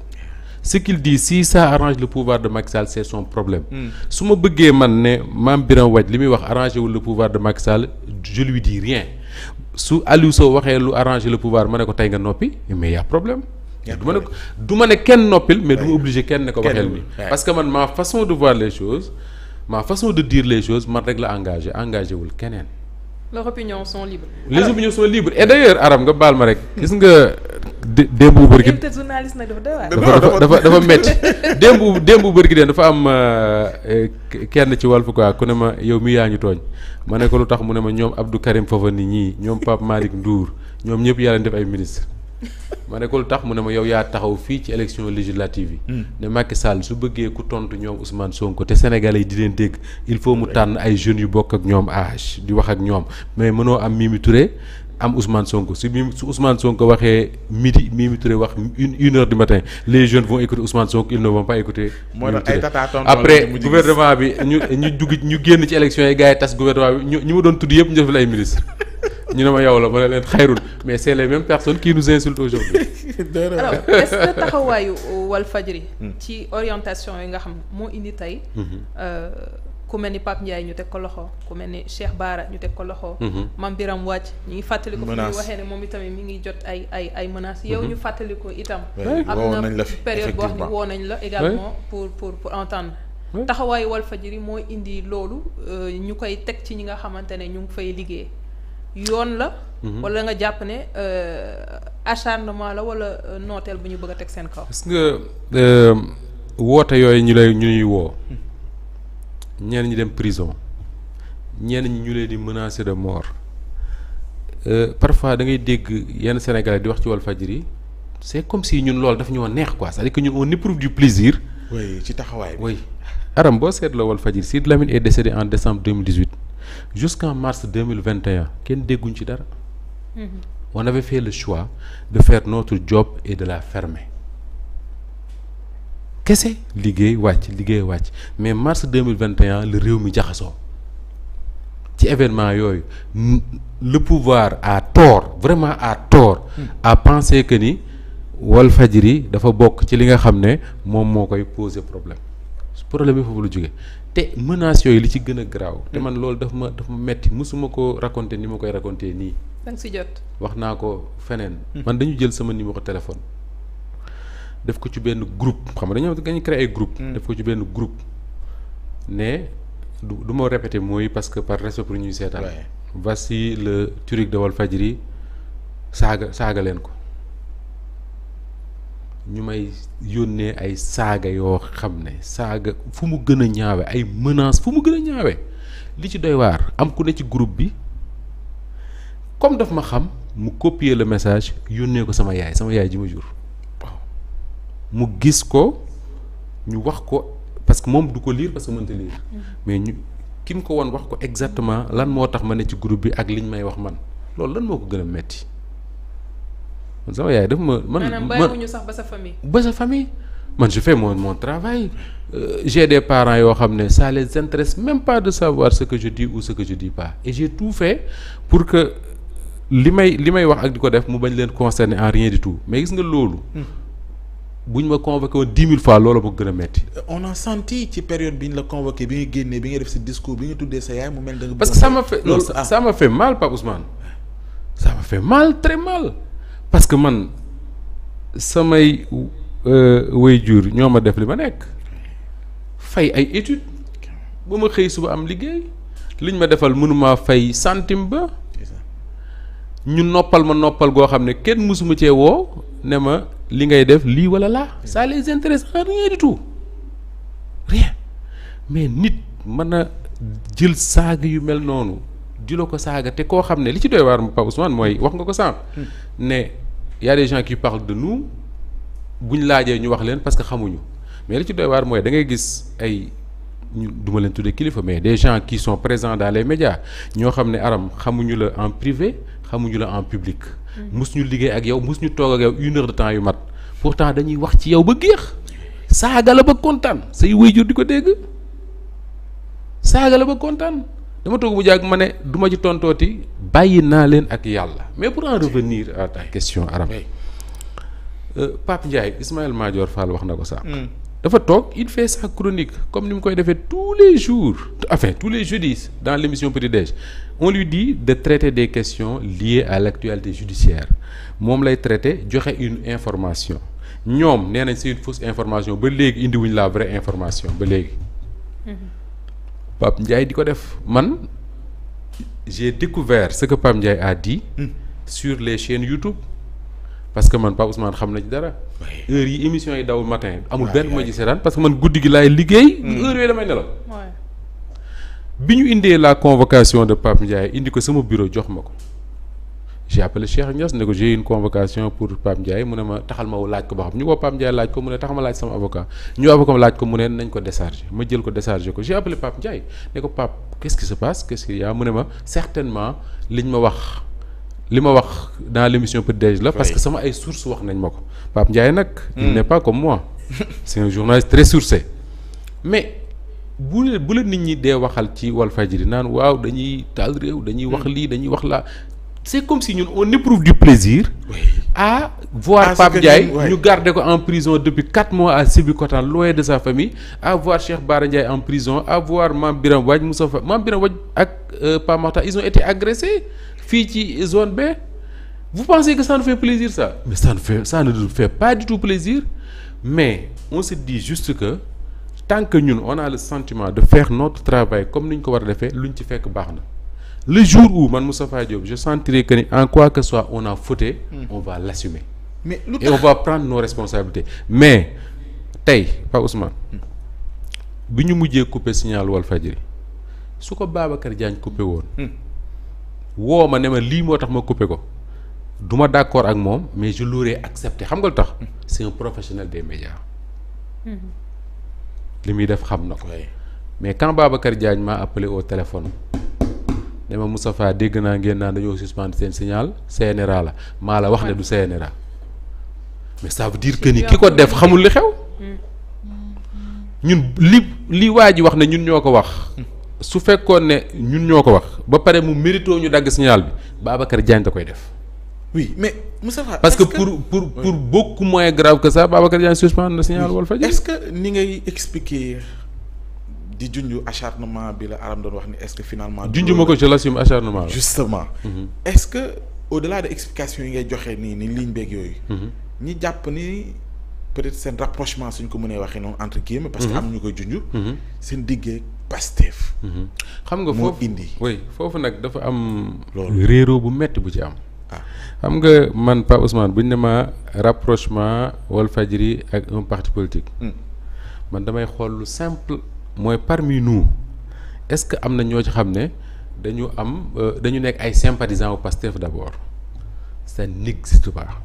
ce qu'il dit si ça arrange le pouvoir de Macky Sall c'est son problème hmm. su ma bëggee man ne Mame Birame Wathie li muy wax arrangé wul le pouvoir de Macky Sall je lui dis rien su Aliou Sow waxee lu arrangé le pouvoir ma ne ko tey nga noppi mais y a problème du ma ne du ma ne kenn noppil mais du ma obligé kenn ne ko waxeel mi parce que man ma façon de voir les ma façon de dire les choses man rek la engagé engagé wul keneen leurs opinions sont libres. les opinions sont libres et d' ailleurs Aram nga baal ma rek. gis nga démb bu bërki dafa dafa dafa metti démb démb bu bërki den dafa am euh, eh, kenn ci wàllu quoi ku ne ma yow mi yaa ñu tooñ ma ne ko lu tax mu ne ma ñoom Abdou Karim Fofana ñi ñoom Pape Malick Ndour ñoom ñëpp yàlla def ay ministre ma ne tax mu ne ma yow yaa taxaw fii ci élection législative yi. Hmm. ne Macky Sall su bëggee ku tontu ñoom Ousmane Sonko te Sénégalais yi di leen dégg il faut mu tànn ay jeunes yu bokk ak ñoom âge di wax ak ñoom mais mënoo am Mimi Touré am Ousmane Sonko su mi su Ousmane Sonko waxee midi Mimi Touré wax une heure du matin les jeunes vont écouter Ousmane Sonko ils ne vont écouter. après gouvernement bi ñu ñu dugg ñu génn ci élection yi gars yi tas gouvernement bi ñu ñu ma doon tudd yëpp ñu def la ministre ñu ne ma yow la ma ne leen xayrul mais c'est les mêmes personnes qui nous insultent aujourd'hui alors est que taxawaayu Walfadjri hmm. ci orientation yi nga xam moo indi tey. Mhm. Euh, ku mel ni Pape Ndiaye ñu teg ko loxo ku mel ni Cheikh Baara ñu teg ko loxo. Mhm. Mame Biram Wàcc ñi ngi fàttaliku. ko fu ñuy waxee ne moom itamit mu ngi jot ay ay ay menaces. Mhm. ñu fàttaliku itam. am na période boo xam ne woo nañ la également pour pour pour entendre. taxawaayu Walfadjri moo indi loolu euh, ñu koy teg ci ñi nga xamante ne ñu ngi fay liggéey yoon la. Mhm. wala nga jàpp ne euh, acharnement la wala euh, nooteel bu ñu bëgg a teg seen kaw. gis nga woote yooyu ñu lay ñuy woo. Hmm. ñeen ñi dem prison ñeen ñi ñu leen di menacer de mort euh, parfois da ngay dégg yenn Sénégalais di wax ci Walfadjri c'est comme si ñun loolu daf ñoo neex quoi cest ni dire que ñun on éprouve du plaisir. oui ci taxawaay bi oui. Aram boo seetloo Walfadjri Sidy Lamine est décédé en décembre 2018 jusqu'en mars 2021 kenn dégguñu ci dara. Mm-hmm. on avait fait le choix de faire notre job et de la fermer. kese liggéey wàcc liggéey wàcc mais mars 2021 le réew mi jaxasoo ci événement yooyu le pouvoir à tort vraiment à tort hmm. à penser que ni Walfadjri dafa bokk ci li nga xam ne moom moo koy poser problème problème yi foofu la jóge te menaces yooyu li ci gën a garaaw te hmm. man loolu dafa ma daf ma metti musuma ko raconter ni ma koy raconter nii da wax naa ko feneen hmm. man dañu jël sama numéro téléphone def ko ci benn group xam nga dañoo dañuy créer ay groupe mm. def ko ci benn groupe ne du du ma répéter mooy parce que par respect pour ñuy seetaan. voici le turik de Walfadjri saaga saaga leen ko ñu may yónnee ay saaga yoo xam ne saaga fu mu gën a ñaawe ay menaces fu mu gën a ñaawe li ci doy waar am ku ne ci groupe bi comme daf ma xam mu copier la message yónnee ko sama yaay sama yaay ji ma jur. mu gis ko ñu wax ko parce que moom du ko liir parce que mënta lire mm-hmm. mais ñu ki mu ko woon wax ko exactement lan moo tax ma ne ci groupe bi ak li ñu may wax man loolu lan moo ko gën a metti man sama yaay daf ma man maanaam bàyyiwuñu sax ba sa famille ba sa famille man su fais mon mon travail euh, j'ai des parents yoo xam ne ça les intéresse même pas de savoir ce que je dis ou ce que je dis pas et j'ai tout fait pour que li may li may wax ak di ko def mu bañ leen concerner en rien du mais gis nga loolu mm. bu ñu ma convoqué woon dix mille fois loolu moo gën a metti. a senti ci période bi la convoqué bi nga génnee bi def sa discours bi nga tuddee sa yaay mu mel. da nga parce que ça m'a fait loolu ah. ça m'a fait mal Pape Ousmane. ça m'a mal très mal parce que man samay euh, waajur ñoo ma def li ma nekk fay ay études ba ma xëy suba am liggéey liñ ma defal mënumaa fay centime ba. ñu noppal ma noppal goo xam ne kenn mësuma cee woo ne ma. li ngay def lii wala laa ça les intéresse en rien du tout mais nit mën na jël saaga yu mel noonu di la ko saaga te koo xam ne li ci doy waar Pape Ousmane mooy wax nga ko sànq hmm. ne y a des gens qui parlent de nous buñ laajee ñu wax leen parce que xamuñu mais li ci doy waar mooy da ngay gis ay ñu duma leen tuddee kilifa mais des gens qui son présent dans les médias ñoo xam ne aram xamuñu la en privé xamuñu la en public Mm-hmm. mus ñu liggéey ak yow mus ñu toog ak yow une heure de temps yu mat pourtant dañuy wax ci yow ba géex saaga la ba kontaan say waajur di ko dégg saaga la ba kontaan dama toog bu jàgg ma ne du ma ci tontooti bàyyi naa leen ak yàlla mais pour en revenir à ta question Aram euh, Pape Ndiaye Ismaël Madior fal wax na ko sànq mm. dafa toog il fait sa chronique comme ni mu koy defee tous les jours enfin tous les jeudis dans l' émission Petit Déj on lui dit de traiter des questions liées à l' actualité judiciaire moom lay traité joxe une information ñoom nee nañ c'est une fausse information ba léegi indiwuñ la vraie information ba léegi mm-hmm. Pape Ndiaye di ko def man j'ai découvert ce que Pape Ndiaye a dit mm. sur les chaînes YouTube parce que man Pape Ousmane xam na ci dara. heure yi émission yi daw matin amul benn ma ci seetaan parce que man guddi gi laay liggéey. Mm. heure yooyu damay nelaw. bi ñu indee la convocation de Pape Ndiaye indi ko sama bureau jox ma ko. j'ai appelé Cheikh Niass ne ko j'ai convocation pour Pape Ndiaye mu ne ma taxal ma laaj ko ba xam ñu ko Pape Ndiaye laaj ko mu ne taxal ma laaj sama avocat ñu avocat laaj ko mu ne nañ ko décharger ma jël ko décharger ko j'ai appelé Pape Ndiaye ne a wax. li ma wax dans l' émission Petit Déj la parce que sama ay sources wax nañ ma ko Pape Ndiaye nag il hmm. n'est pas comme moi c'est un journaliste très mais bu bu la nit ñi dee waxal ci Walfadjri naan waaw dañuy taal réew dañuy wax hmm. lii dañuy wax la c'est comme si ñun on éprouve du plaisir oui. à voir Pape Ndiaye ñu garder ko en prison depuis quatre mois à Sébikotane loin de sa famille à voir Cheikh Bara Ndiaye en prison à voir Mame Birame Wade Moussa Mame Birame Wade ak euh, Pape fii ci zone B vous pensez que ça nous fait plaisir ça mais ça ne fait ça ne nous fait pas du tout plaisir mais on se dit juste que tant que ñun on a le sentiment de faire notre travail comme ni ñu ko war a defee luñ ci fekk baax na le jour où man Moustapha Diop je sentirai que ni en quoi que soit on a fauté hmm. on va l'assumer mais et on va prendre nos responsabilités mais tey Pape Ousmane hmm. bi ñu mujjee couper signal Walfadjri su ko Babacar Diagne coupé woon hmm. woo ma ne ma lii moo tax ma coupé ko du ma d'accord ak moom mais je l'aurais accepté xam nga lu tax c'est un professionnel des médias mm-hmm. li muy def xam na ko mais quand Babacar Diagne m'a appelé au téléphone ne ma Moustapha dégg naa ngeen naan dañoo suspendre seen signal CNRA la maa la wax ne du CNRA mais ça veut dire ni ki ko def xamul li xew mm. ñun li li waa ji wax ne ñun ñoo ko wax mm. su fekkoon ne ñun ñoo ko wax ba pare mu mérito ñu dagg signal bi Babacar Diagne da koy def. oui mais Moustapha parce que pour pour pour beaucoup moins grave que ça Babacar Diagne suspendre na signal Walfadjri. est-ce que ni ngay expliquer di junj acharnement bi la Aram doon wax ni est-ce que finalement. junj ma ko je l'assume acharnement la. justement mhm. est-ce que au de explication yi ngay joxe nii ni ligne beeg yooyu. Mhm. ñi jàpp ni. peut-être seen rapprochement suñ ko mënee waxee noonu entre guillemets. parce que mhm. am ñu koy junj. seen diggee Pastef. Mhm. xam nga foofu indi. oui foofu nag dafa am. loolu réeroo bu metti bu ci am. Ah. xam nga man Pape Ousmane buñ ne ma rapprochement Walfadjri ak un parti politique. Hmm. man damay xool lu simple mooy parmi nous est-ce que am na ñoo ci xam ne dañu am euh, dañu nekk ay sympathisants au Pastef d'abord ça n'existe pas.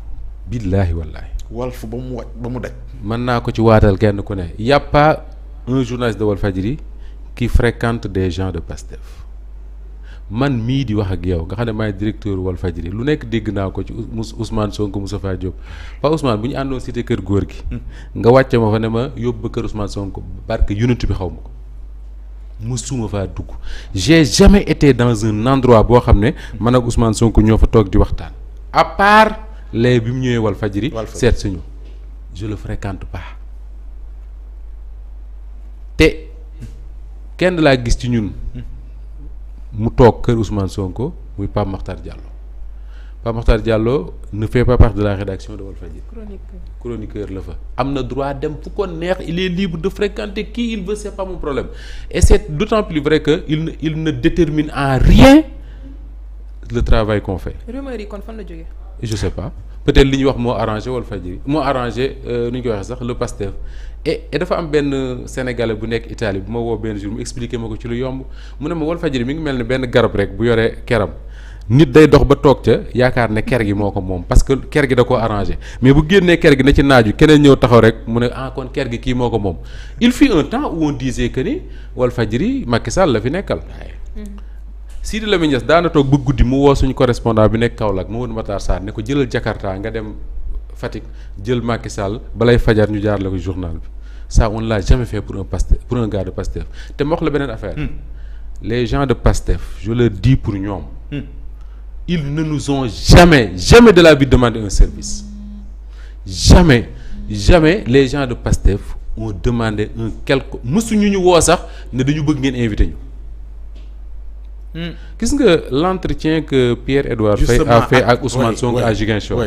billaahi wallaahi. fu ba mu waj ba mu daj. mën naa ko ci waatal kenn ku ne y a pas de journaliste de Walfadjri. qui fréquente des gens de Pastef man mii di wax ak yow nga xam ne maay directeur Walfadjri lu nekk dégg naa ko ci Ousmane Sonko Moustapha Diop pa Ousmane bu ñu àndoon cité kër góor gi. nga wàcce ma fa ne ma yóbbu ba kër Ousmane Sonko barke unité bi xaw ma ko musuma faa dugg j'ai jamais été dans un endroit boo xam ne man ak Ousmane Sonko ñoo fa toog di waxtaan. à part les bi mu ñëwee Walfadjri. seet suñu je le fréquente pas te. kenn laa gis ci ñun mu toog kër Ousmane Sonko muy Pape maxtar Diallo Pape Makhtar Diallo ne fait pas partie de la rédaction de Walfadjri chroniqueur la fa am na droit dem fu ko neex il est libre de fréquenter qui il veut c'est pas problème et c'est d'autant plus vrai que il ne il détermine en rien le travail qu'on kon fan la jógee je sais pas peut-être li ñuy wax moo arrangé Walfadjri moo arrangé euh, nu ñu koy waxee sax le Pastef et et dafa am benn sénégalais bu nekk Italie bu ma woo benn jour mu expliqué ma ko ci lu yomb mu ne ma Walfadjri mi ngi mel ni benn garab rek bu yore keram nit day dox ba toog ca yaakaar ne ker gi moo ko moom parce que ker gi da ko arrangé mais bu génnee ker gi na ci naaju keneen ñëw taxaw rek mu ne ah kon ker gi kii moo ko moom il fut un temps où on disait que ni Walfadjri Macky Sall la fi nekkal. Mm-hmm. Sidi Lamine Niass daana toog ba guddi mu woo suñu correspondant bi nekk Kaolack Mamadou Matar Sarr ne ko jëlal Jakarta nga dem Fatick jël Macky Sall balay fajar ñu jaar la ko journal bi ça on l'a jamais fait pour un Pastef pour un gars de te ma wax la beneen affaire. Hmm. les gens de Pastef je le dis pour ñoom. Hmm. ils ne nu ont jamais jamais de la vie demande un service jamais jamais les gens de Pastef ont demandé un quelque mësuñu ñu woo sax ne dañu bëgg ngeen invité ñu. Hmm. gis nga l'entretien que Pierre-Édouard Faye a fait ah, ak Ousmane Sonko à Ziguinchor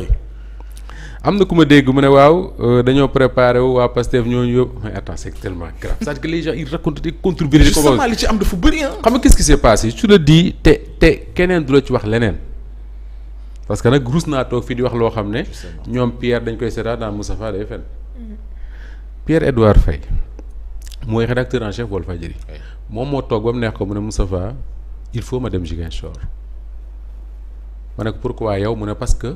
am na ku ma dégg mu ne waaw euh, dañoo préparé wu waa Pastef ñooñu yóbbu mais attends c'est que les gens ils racontent des contribuer justement li ci am dafa bëri xam nga quest le dis te te keneen du la ci wax leneen parce que nag ruus naa toog fii di wax loo xam ne ñoom Pierre dañ koy seetaan naan Moustapha day fen mhm. Pierre-Édouard Faye moom moo toog ba mu neex ko mu ne Moustapha il faut ma dem Ziguinchor ma ne ko pourquoi yow mu ne parce que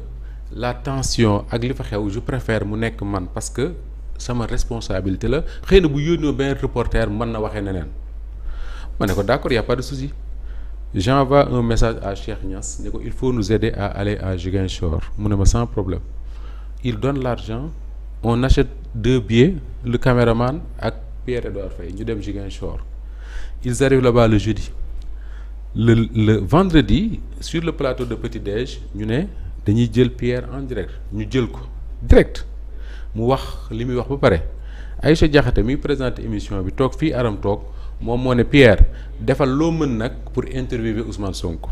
la tension ak li fa xew je préfère mu nekk man parce que sama responsabilité la xëy na bu yónnee benn reporter mën na waxee neneen ma ne ko d'accord y a pas de souci j'envoie un message à Cheikh Niass ne ko il faut nu aider à aller à Ziguinchor mu ne ma sans problème il donne l'argent on achète deux billets lu caméraman ak Pierre-Edouard Faye ñu dem Ziguinchor ils arrivent là-bas le jeudi le le vendredi sur le plateau de petit déj ñu ne dañuy jël Pierre en direct ñu jël ko direct mu wax li muy wax ba pare Aïcha Diakhaté mi présenté émission bi toog fii aram toog moom moo ne Pierre defal loo mën nag pour interviewer Ousmane Sonko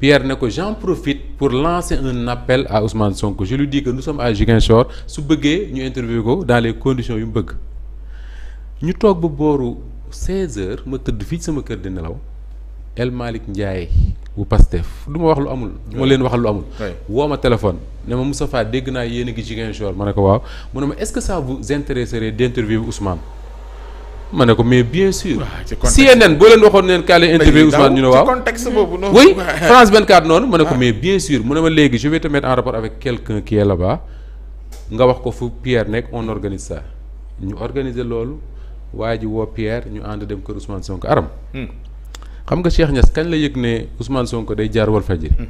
Pierre ne ko j'en profit pour lancer un appel à Ousmane Sonko je lui dis que nous à Ziguinchor su bëggee ñu interviewer ko dans les conditions yu mu bëgg ñu toog ba booru 16 heures ma tëdd fii sama kër di nelaw El Malick Ndiaye bu Pastef du ma wax lu amul du ma leen waxal lu amul woo ma téléphone ne ma Moustapha dégg naa yéen a ngi Ziguinchor ma ne ko waaw mu ne ma est-ce que ça vous intéresserait d'interviewer Ousmane ma ne ko mais bien sûr CNN boo leen waxoon leen interview ñu ne waaw contexte boobu noonu oui France 24 noonu ma ne ko ah. mais bien sûr mu ne ma léegi je vais te mettre en rapport avec quelqu'un qui est nga wax ko fu Pierre nekk on organise ça ñu organiser loolu waa ji woo Pierre ñu ànd dem kër Ousmane ko aram hmm. xam nga Cheikh Niass kañ la yëg ne Ousmane Sonko day jaar Walfadjri hmm.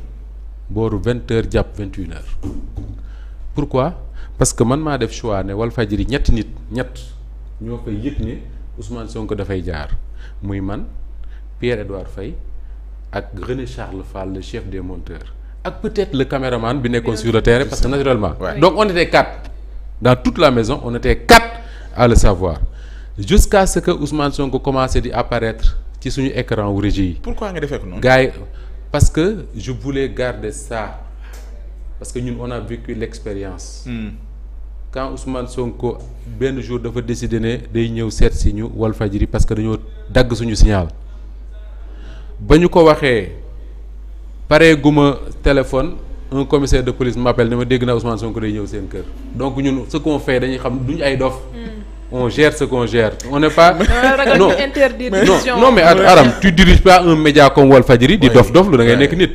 booru vingt heures jàpp vingt une quoi pourquoi parce que man maa def choix ne Walfadjri ñetti nit ñett ñoo fay yëg ne Ousmane Sonko dafay jaar muy man Pierre-Edouard Faye ak René Charles Fall le chef de monteurs ak peut-être le caméraman bi nekkoon sur le terrain parce que naturellement ouais. donc on était quatre dans toute la maison on était quatre à le savoir jusqu'à ce que Ousmane Sonko commencé di apparaître ci suñu écran wu régie yi. pourquoi nga defee ko noonu. gars parce que je voulais garder ça parce que ñun on a vécu l'expérience. Mm. quand Ousmane Sonko benn jour dafa décidé ne day ñëw seet si ñu Walfadjri parce que dañoo dagg suñu signal ba ñu ko waxee paree guma téléphone un commissaire de police m'appelle ne ma dégg naa Ousmane Sonko day ñëw seen kër donc ñun ce qu'on fait dañuy xam duñ ay dof. Hmm. on gère ce qu'on gère on n'est pas. non non non mais Aram tu diriges pas un média comme Walfadjri di dof dof lu da nekk nit.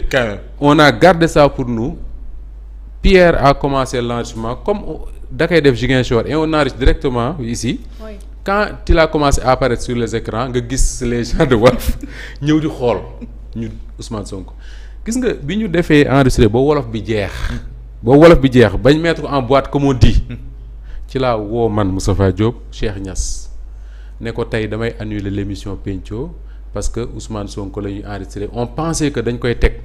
on a gardé ça pour nous. Pierre a commencé l'enregistrement comme da koy def Ziguinchor et on enregistre directement ici. Oui. quand ti la commencé à apparaître sur les écrans nga gis les gens de Walf ñëw di xool ñu Ousmane Sonko gis nga bi ñu defee enregistré ba wolof bi jeex. Hmm. boo wolof bi jeex bañ mettre ko en boîte comme on dit. ci laa woo man Moustapha Diop Cheikh ñas ne ko tey damay annuler l'émission Pencco parce que Ousmane Sonko la ñuy enregistré on pensait que dañ koy teg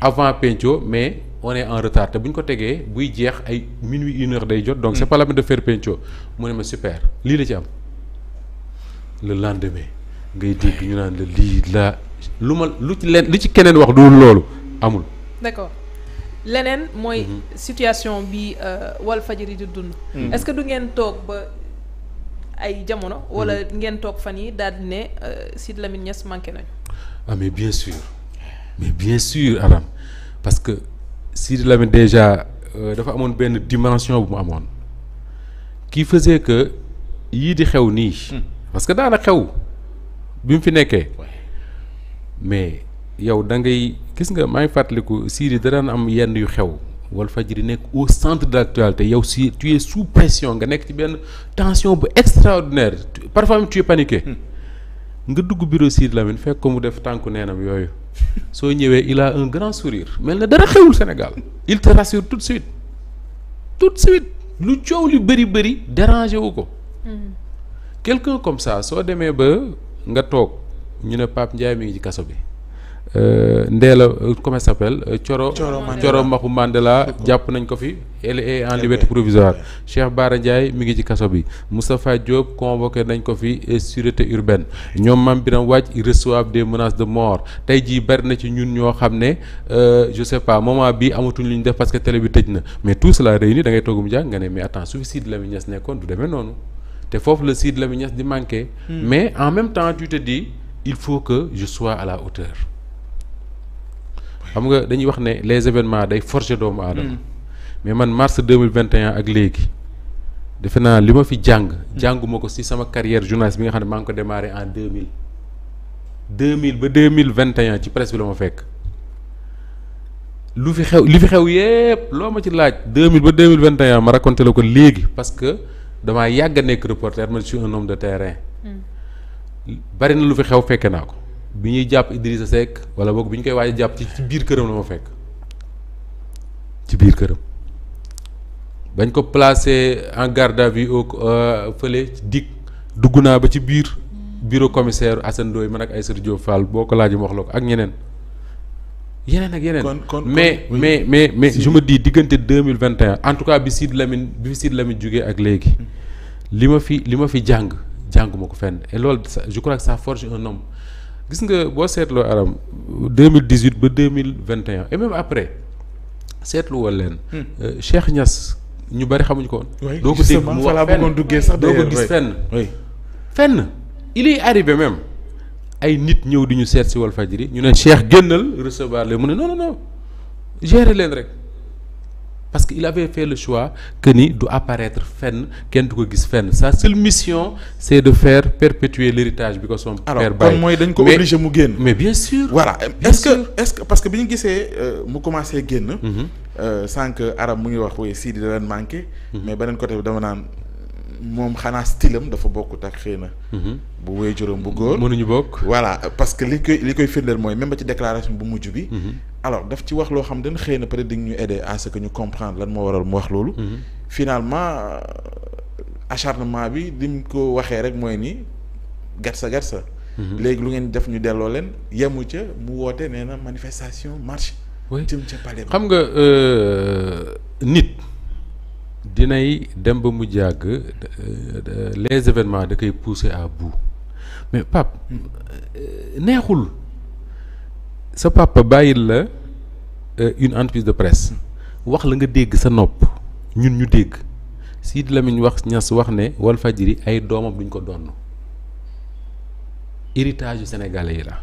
avant Pencco mais on en retard te bu ñu ko tegee buy jeex ay minuit une day jot. donc c'est mm. pas la peine de faire Pencco mu ne ma super lii la ci am le lendemain ngay dégg ñu naan la lii la lu ma lu ci leen lu ci keneen wax du loolu amul. leneen mooy mhm. situation bi euh, Walfadjri di dund mhm. est-ce que du ngeen toog ba ay jamono mhm. wala ngeen toog fan yi daal di ne euh, Sidy Lamine Niass manqué nañu ah mais bien sûr mais bien sûr Aram parce que Sidy Lamine déjà euh, dafa amoon benn dimension bu mu amoon qui faisait que yii di xew nii hmm. parce que daana xew bi mu fi nekkee mais yow da gis nga maa ngi fàttaliku Syrie dara daan am yenn yu xew fa Walfadjri nekk au centre de l'actualité yow si tu es sous pression nga nekk ci benn tension bu extraordinaire parfois même tu es paniqué. Hmm. nga dugg bureau Sidy Lamine fekk ko mu def tànku neenam yooyu soo ñëwee il un grand sourire mel na dara xewul Sénégal il te rassure tout de suite tout de lu coow lu bëri bëri dérangé wu ko. Hmm. quelque comme ça soo demee ba nga toog ñu ne Pape Ndiaye mii ci kaso bi. Euh, Ndéla euh, comment ça s'appelle euh, Coro Coro Maxu Mandela jàpp nañ ko fi elle est en liberté provisoire Cheikh Bara Ndiaye mi ngi ci kaso bi Moustapha Diop convoqué nañ ko fi sûreté urbaine ñoom ma Birame Wathie ils reçoivent des menaces de mort tey jii bari na ci ñun ñoo xam ne je sais bi amatuñ lu ñu def parce que télé bi tëj na mais tout cela réuni da ngay toogum jàng nga ne mais attends su fi Sidy Lamine Niass nekkoon du demee noonu te foofu la Sidy Lamine Niass di manqué hmm. mais en même temps tu te dis faut que je sois à la hauteur xam nga dañuy wax ne les événements day forger doomu aadama. Hmm. mais man mars mille vingt et ak léegi defe naa li ma fi jàng. Hmm. jànguma ko si sama carrière journaliste bi nga xam ne maa ngi ko démarré en deux mille. deux mille ba deux mille vingt et ci presse bi ma fekk. lu fi xew li fi xew yépp loo ma ci laaj deux mille ba deux mille vingt et ma raconté ko léegi parce que damaa yàgg a nekk reporter man je suis un de terrain. Hmm. bari na lu fi xew fekke naa ko. bi ñuy jàpp Idrissa Seck wala boog bi ñu koy waaj jàpp ci biir këram la ma fekk ci biir këram bañ ko placé en garde à vue au euh, fële dikk dugg naa ba ci biir bureau commissaire Assane Ndoye man ak Aïssatou Diop Fall boo ko laaj ma wax la ko ak ñeneen yeneen ak yeneen. mais mais mais mais je me diggante deux mille vingt et en tout cas bi Sid Lamine bi Sid Lamine jugee ak léegi mm. li ma fi li ma fi jàng ma ko fenn lool loolu je sa que forge un homme. gis nga boo seetloo aram 2018 ba vingt et même après seetlu wal leen. Hmm. Euh, Cheikh ñas ñu bari xamuñu ko woon. doo ko dégg mu wax fenn duggee sax doo ko gis fenn. fenn il est arrivé même ay nit ñëw di ñu seet si Walfadjri ñu ne Cheikh génnal recevoir leen mu ne non non non leen rek. parce que il avait fait le choix que ni du apparaître fenn kenn du ko gis fenn sa seule mission c' est de faire perpétuer l'héritage bi ko son père bàyyi mooy dañ ko obligé mu génn mais bien sûr voilà que est ce que parce que bi ñu gisee euh, mu commencé génn mhm. euh, sànq arab mu ngi wax woy sii di da leen mhm. mais beneen côté bi dama naan moom xanaa stylam dafa bokkut ak xëy na. Mhm. bu wéy juróom bu góor. mënuñu bokk. voilà parce que li koy li koy firndeel mooy même ba ci déclaration bu mujj bi. alors daf ci wax loo xam ne xëy na peut-être di ñu aider à ce que ñu comprendre lan moo waral mu wax loolu. Mhm. finalement acharnement bi li ko waxee rek mooy nii gatsa gatsa. Mhm. léegi lu ngeen def ñu delloo leen yemu ca mu woote nee na manifestation marche. jëm ca palais xam nga euh, nit. dinay dem ba mu jàgg euh, les événements da koy pousser à mais Pape hmm. euh, neexul. sa papa bàyyil la euh, une entreprise de presse wax la nga dégg sa nopp ñun ñu dégg Sidi Lamine wax su wax ne Walfadjri ay doomam duñ ko donn héritage yu sénégalais yi la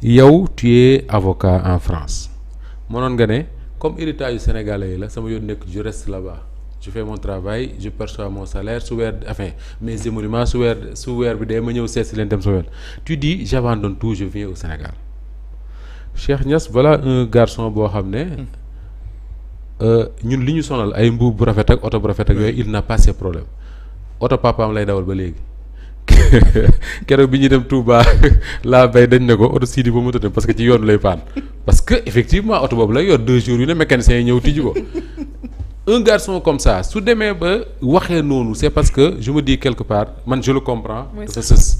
yow tu es avocat en France noon nga ne comme héritage yu sénégalais yi la sama yoon nekk je reste là-bas je fais mon travail je perçois mon salaire su weer enfin mes émoluments su weer su weer bi dee ma ñëw seet si leen dem sa yoon tu dis j'abandonne tout je viens au Sénégal Cheikh ñas voilà un garçon boo xam ne hmm. euh, ñun li ñu sonal ay mbuub bu rafet ak oto bu rafet ak hmm. yooyu il n'a pas ces problèmes oto papaam lay dawal ba léegi keroog bi ñu dem Touba laa bay dañ ne ko oto siidi ba mu tëdd parce que ci yoonu lay paan parce que effectivement oto boobu lay yor deux jours yu ne mécanicien yi ñëw tijji ko un garçon comme ça su demee ba waxee noonu c'est parce que je me dis quelque part man je le comprends dafa sës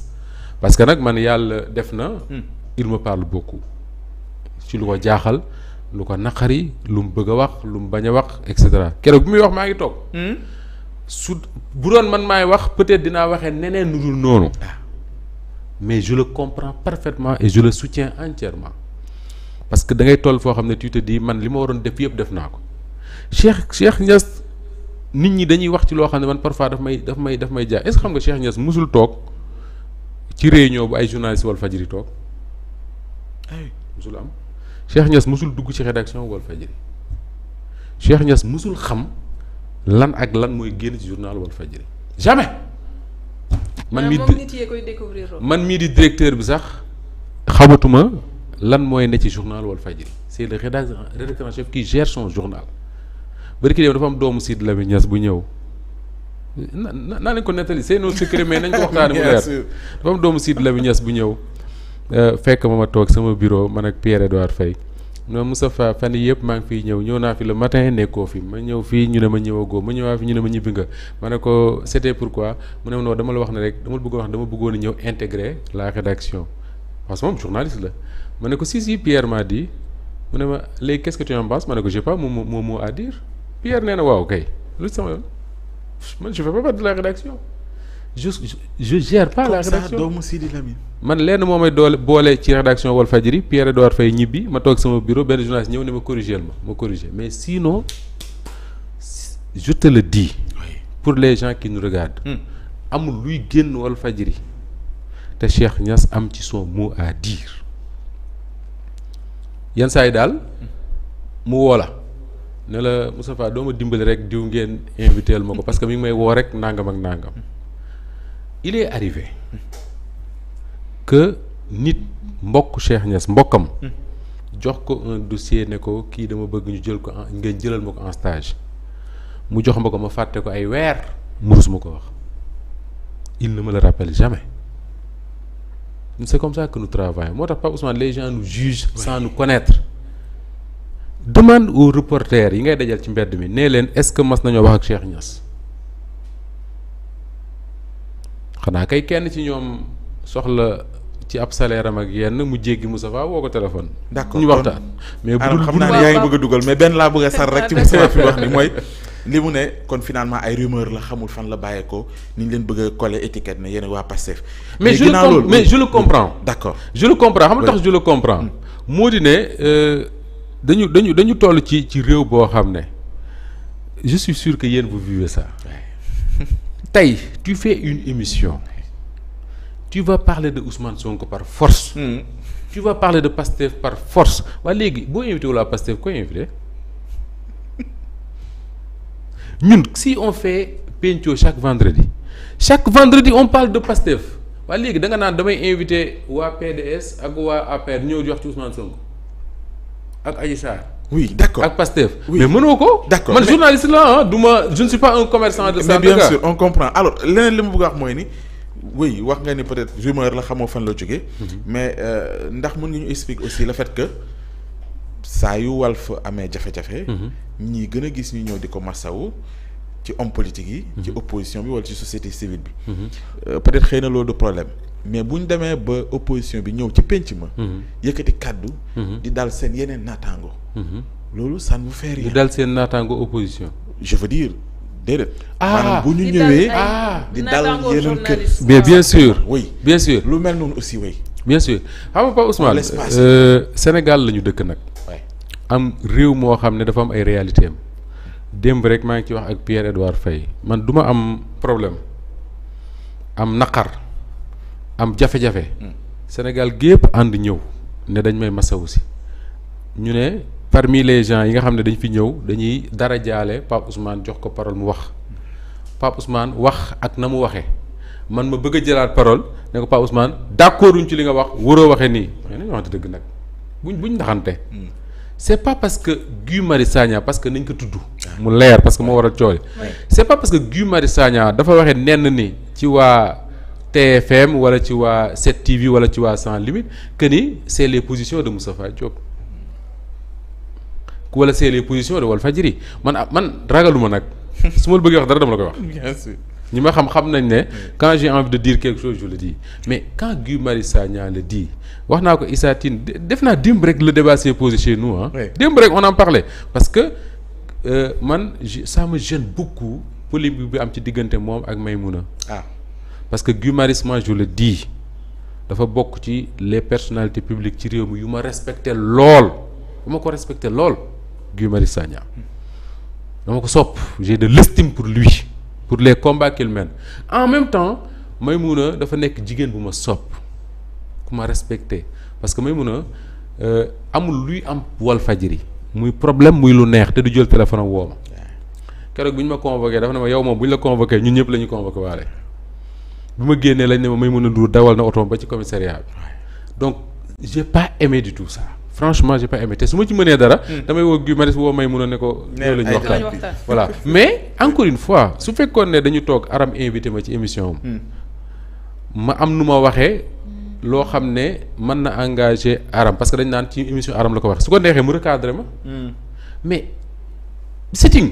parce que nag man yàlla def na hmm. il me ci lu ko jaaxal lu ko naqari lu mu bëgg a wax lu mu bañ a wax et cetera keroog bi muy wax maa ngi toog. Hmm? su bu doon man maay wax peut-être dinaa waxee neneen nu dul noonu. Ah. mais je le comprends parfaitement et je le soutiens entièrement parce que da ngay toll foo xam ne tu te man li ma waroon def yëpp def naa ko Cheikh Cheikh Niass nit ñi dañuy wax ci loo xam ne man parfois daf may daf may daf may jaay xam nga Cheikh Niass musul toog ci réunion bu ay journalistes Walfadjri toog. am. Cheikh Niass mosul dugg ci rédaction Walfadjri Cheikh Niass mosul xam lan ak lan mooy génn ci journal Walfadjri jamais. man mii man mii di directeur bi sax xamatuma lan mooy ne ci journal Walfadjri c'est le rédacteur en chef qui gère son journal bari ki dem dafa am doomu Sidy Lamine Niass bu ñëw. na na naa leen ko nettali c'est nos secret mais nañ ko waxtaanee mu leer dafa am doomu Sidy Lamine Niass bu ñëw. Euh, fekk ma ma toog sama bureau man ak Pierre Edouard Faye non Moustapha fan yii yëpp maa ngi fiy ñëw ñëw naa fi le matin nekkoo fi ma ñëw fii ñu ne ma ñëwagoo ma ñëwaa fi ñu ne ma ñibbi nga ma ne ko c'était pourquoi mu ne ma non dama la wax ne rek dama bëggoon wax dama bëggoon a ñëw intégrer la rédaction parce que moom journaliste la ma ne ko si si Pierre m'a dit mu ne ma léegi qu'est-ce que tu ma ne ko j'ai pas mon mot à dire Pierre nee na waaw kay lu sama yoon man je la rédaction. je je gère pas la rédaction doomu Sidi man lenn moo may doole boole ci rédaction Walfadjri Pierre Edouard Faye ñibbi ma toog sama bureau benn journaliste ñëw ne ma corrigé ma ma corrigé mais sinon je te le dis. pour les gens qui nous regardent. Hmm. amul luy génn Walfadjri te Cheikh ñas am ci son mot à dire yenn saa yi daal mu woo la ne la Moustapha doo ma dimbali rek diw ngeen invité ma ko parce que mi ngi may woo rek nangam ak nangam. il est arrivé que nit mbokk Cheikh ñas mbokkam. jox ko un dossier ne ko kii dama bëgg ñu jël ko ngeen jëlal ma ko en stage mu jox ma ko ma fàtte ko ay weer mu rus ma ko wax il ne me le rappelle jamais c'est comme ça que nous travaillons moo tax Pape Ousmane les gens nous jugent sans nous connaître demande aux reporters yi ngay dajal ci mbedd mi nee leen est-ce que mas nañoo wax ak Cheikh Niass. xanaa kay kenn ci ñoom soxla ci ab salaire am ak yenn mu jéggi Moustapha woo ko téléphone. d'accord ñu waxtaan mais budul xam naa ne yaa ngi bëgg dugal mais benn laa bëgg a sar rek ci Moustapha fi mu ne kon finalement ay rumeur la xamul fan la bàyyeekoo ni ñu leen bëgg a coller étiquette ne waa Pastef. mais je le mais je le comprends. d'accord je le comprends xam nga tax je le comprends. Hmm. moo di ne euh, dañu dañu dañu toll ci ci réew boo xam ne je suis sûr que yéen vous vivez ça. tey tu fais une émission tu vas parler de Ousmane Sonko par force. Mmh. tu vas parler de Pastef par force waaye léegi boo invité wala Pastef koy invité ñun si on fait penco chaque vendredi chaque vendredi on parle de Pastef waaye léegi da nga naan damay invité waa PDS ak waa APR ñëw di wax ci Ousmane Sonko ak Adji Sarr oui d'accord ak Pastef. oui mais mënoo ko. d'accord man journaliste la ah du ma je ne suis pas un commerçant de. ça mais bien leneen li ma bëgg wax mooy ni. oui wax nga ni peut-être rumeur la xamoo fan la jógee. Mhm. mais euh, ndax mun nga ñu expliquer aussi le fait que saa yu Walf amee jafe-jafe. Mhm. ñi gën a gis ñu ñëw di ko massawu ci homme politique yi. ci mhm. opposition bi wala ci société civile bi. Euh, peut-être xëy na loolu du problème. mais bu ñu demee ba opposition bi ñëw ci penc ma. yëkkati kàddu. di daal seen yeneen naataango. Mm-hmm. loolu ça ne nous fait rien. ñu dal seen naataango opposition. je veux dire déedéet. Ah. di dal yeneen kër. mais bien sûr. oui bien sûr lu mel noonu aussi oui. bien sûr xam nga Pape Ousmane euh, Sénégal la ñu dëkk nag. am réew moo xam ne dafa am ay réalité démb rek maa ngi ci wax ak Pierre Edouard Faye man duma am problème am naqar am jafe-jafe. Mm. Sénégal gépp ànd ñëw ne dañ may masawu si ñu ne. parmi les gens yi nga xam ne dañu fi ñëw dañuy dara jaale Pape Ousmane jox ko parole mu wax Pape Ousmane wax ak na mu waxee man ma bëgg jëlaat parole ne ko Pape Ousmane d'accorduñ ci li nga wax waroo waxee nii mais nañu waxante dëgg nag buñ buñ ndaxante hmm. c'est pas parce que Guy Marius Sagna parce que nañ ko tudd ah. mu leer parce que moo waral coole c'est pas parce que Guy Marius Sagna dafa waxee nenn ni ci waa TFM wala ci waa 7TV wala ci waa Sans Limites que ni c'est les positions de Moustapha Diop ku wala see les positions de Walfadjri man ah, man ragaluma nag su ma la bëggee wax dara dama la koy wax. ñi ma xam xam nañ ne. quand j'ai envie de dire quelque chose je le dis mais quand Guy Marius Sagna le dit wax naa ko Issa Tine def naa démb rek le débat s'est posé chez démb rek on en parlait parce que euh, man ça me gêne beaucoup polémique bi am ci diggante moom ak Maïmouna. ah parce que Guy Marius moi je le dis. dafa bokk ci les personnalités publiques ci réew mi yu ma respecté lool yu ko respecté lool Guy Marius Sagna dama ko sopp j'ai de l'estime pour lui pour les combats qu'il en même temps Maïmouna dafa nekk jigéen bu ma sopp ku ma respecté parce que Maïmouna euh, amul luy am Walfadjri muy problème muy lu neex te du jël téléphone woo ma keroog bi ñu ma convoqué dafa ne ma yow moom bu ñu la convoqué ñun ñëpp la ñu convoqué waale bi ma génnee lañ ne ma Maïmouna Ndour dawal na oto ba ci commissariat bi donc j'ai pas aimé du tout ça franchement j'ai pas aimé te su ma ci mënee dara. Hmm. damay woo Guy Marius woo may mënoon ne ko. nee la ñu waxtaan voilà mais encore une fois su fekkoon ne dañu toog aram invité ma ci émission am. Hmm. ma am nu ma waxee. loo xam ne mën na engagé aram parce que dañ naan ci émission aram la ko wax su ko neexee mu recadré ma. Hmm. mais sitting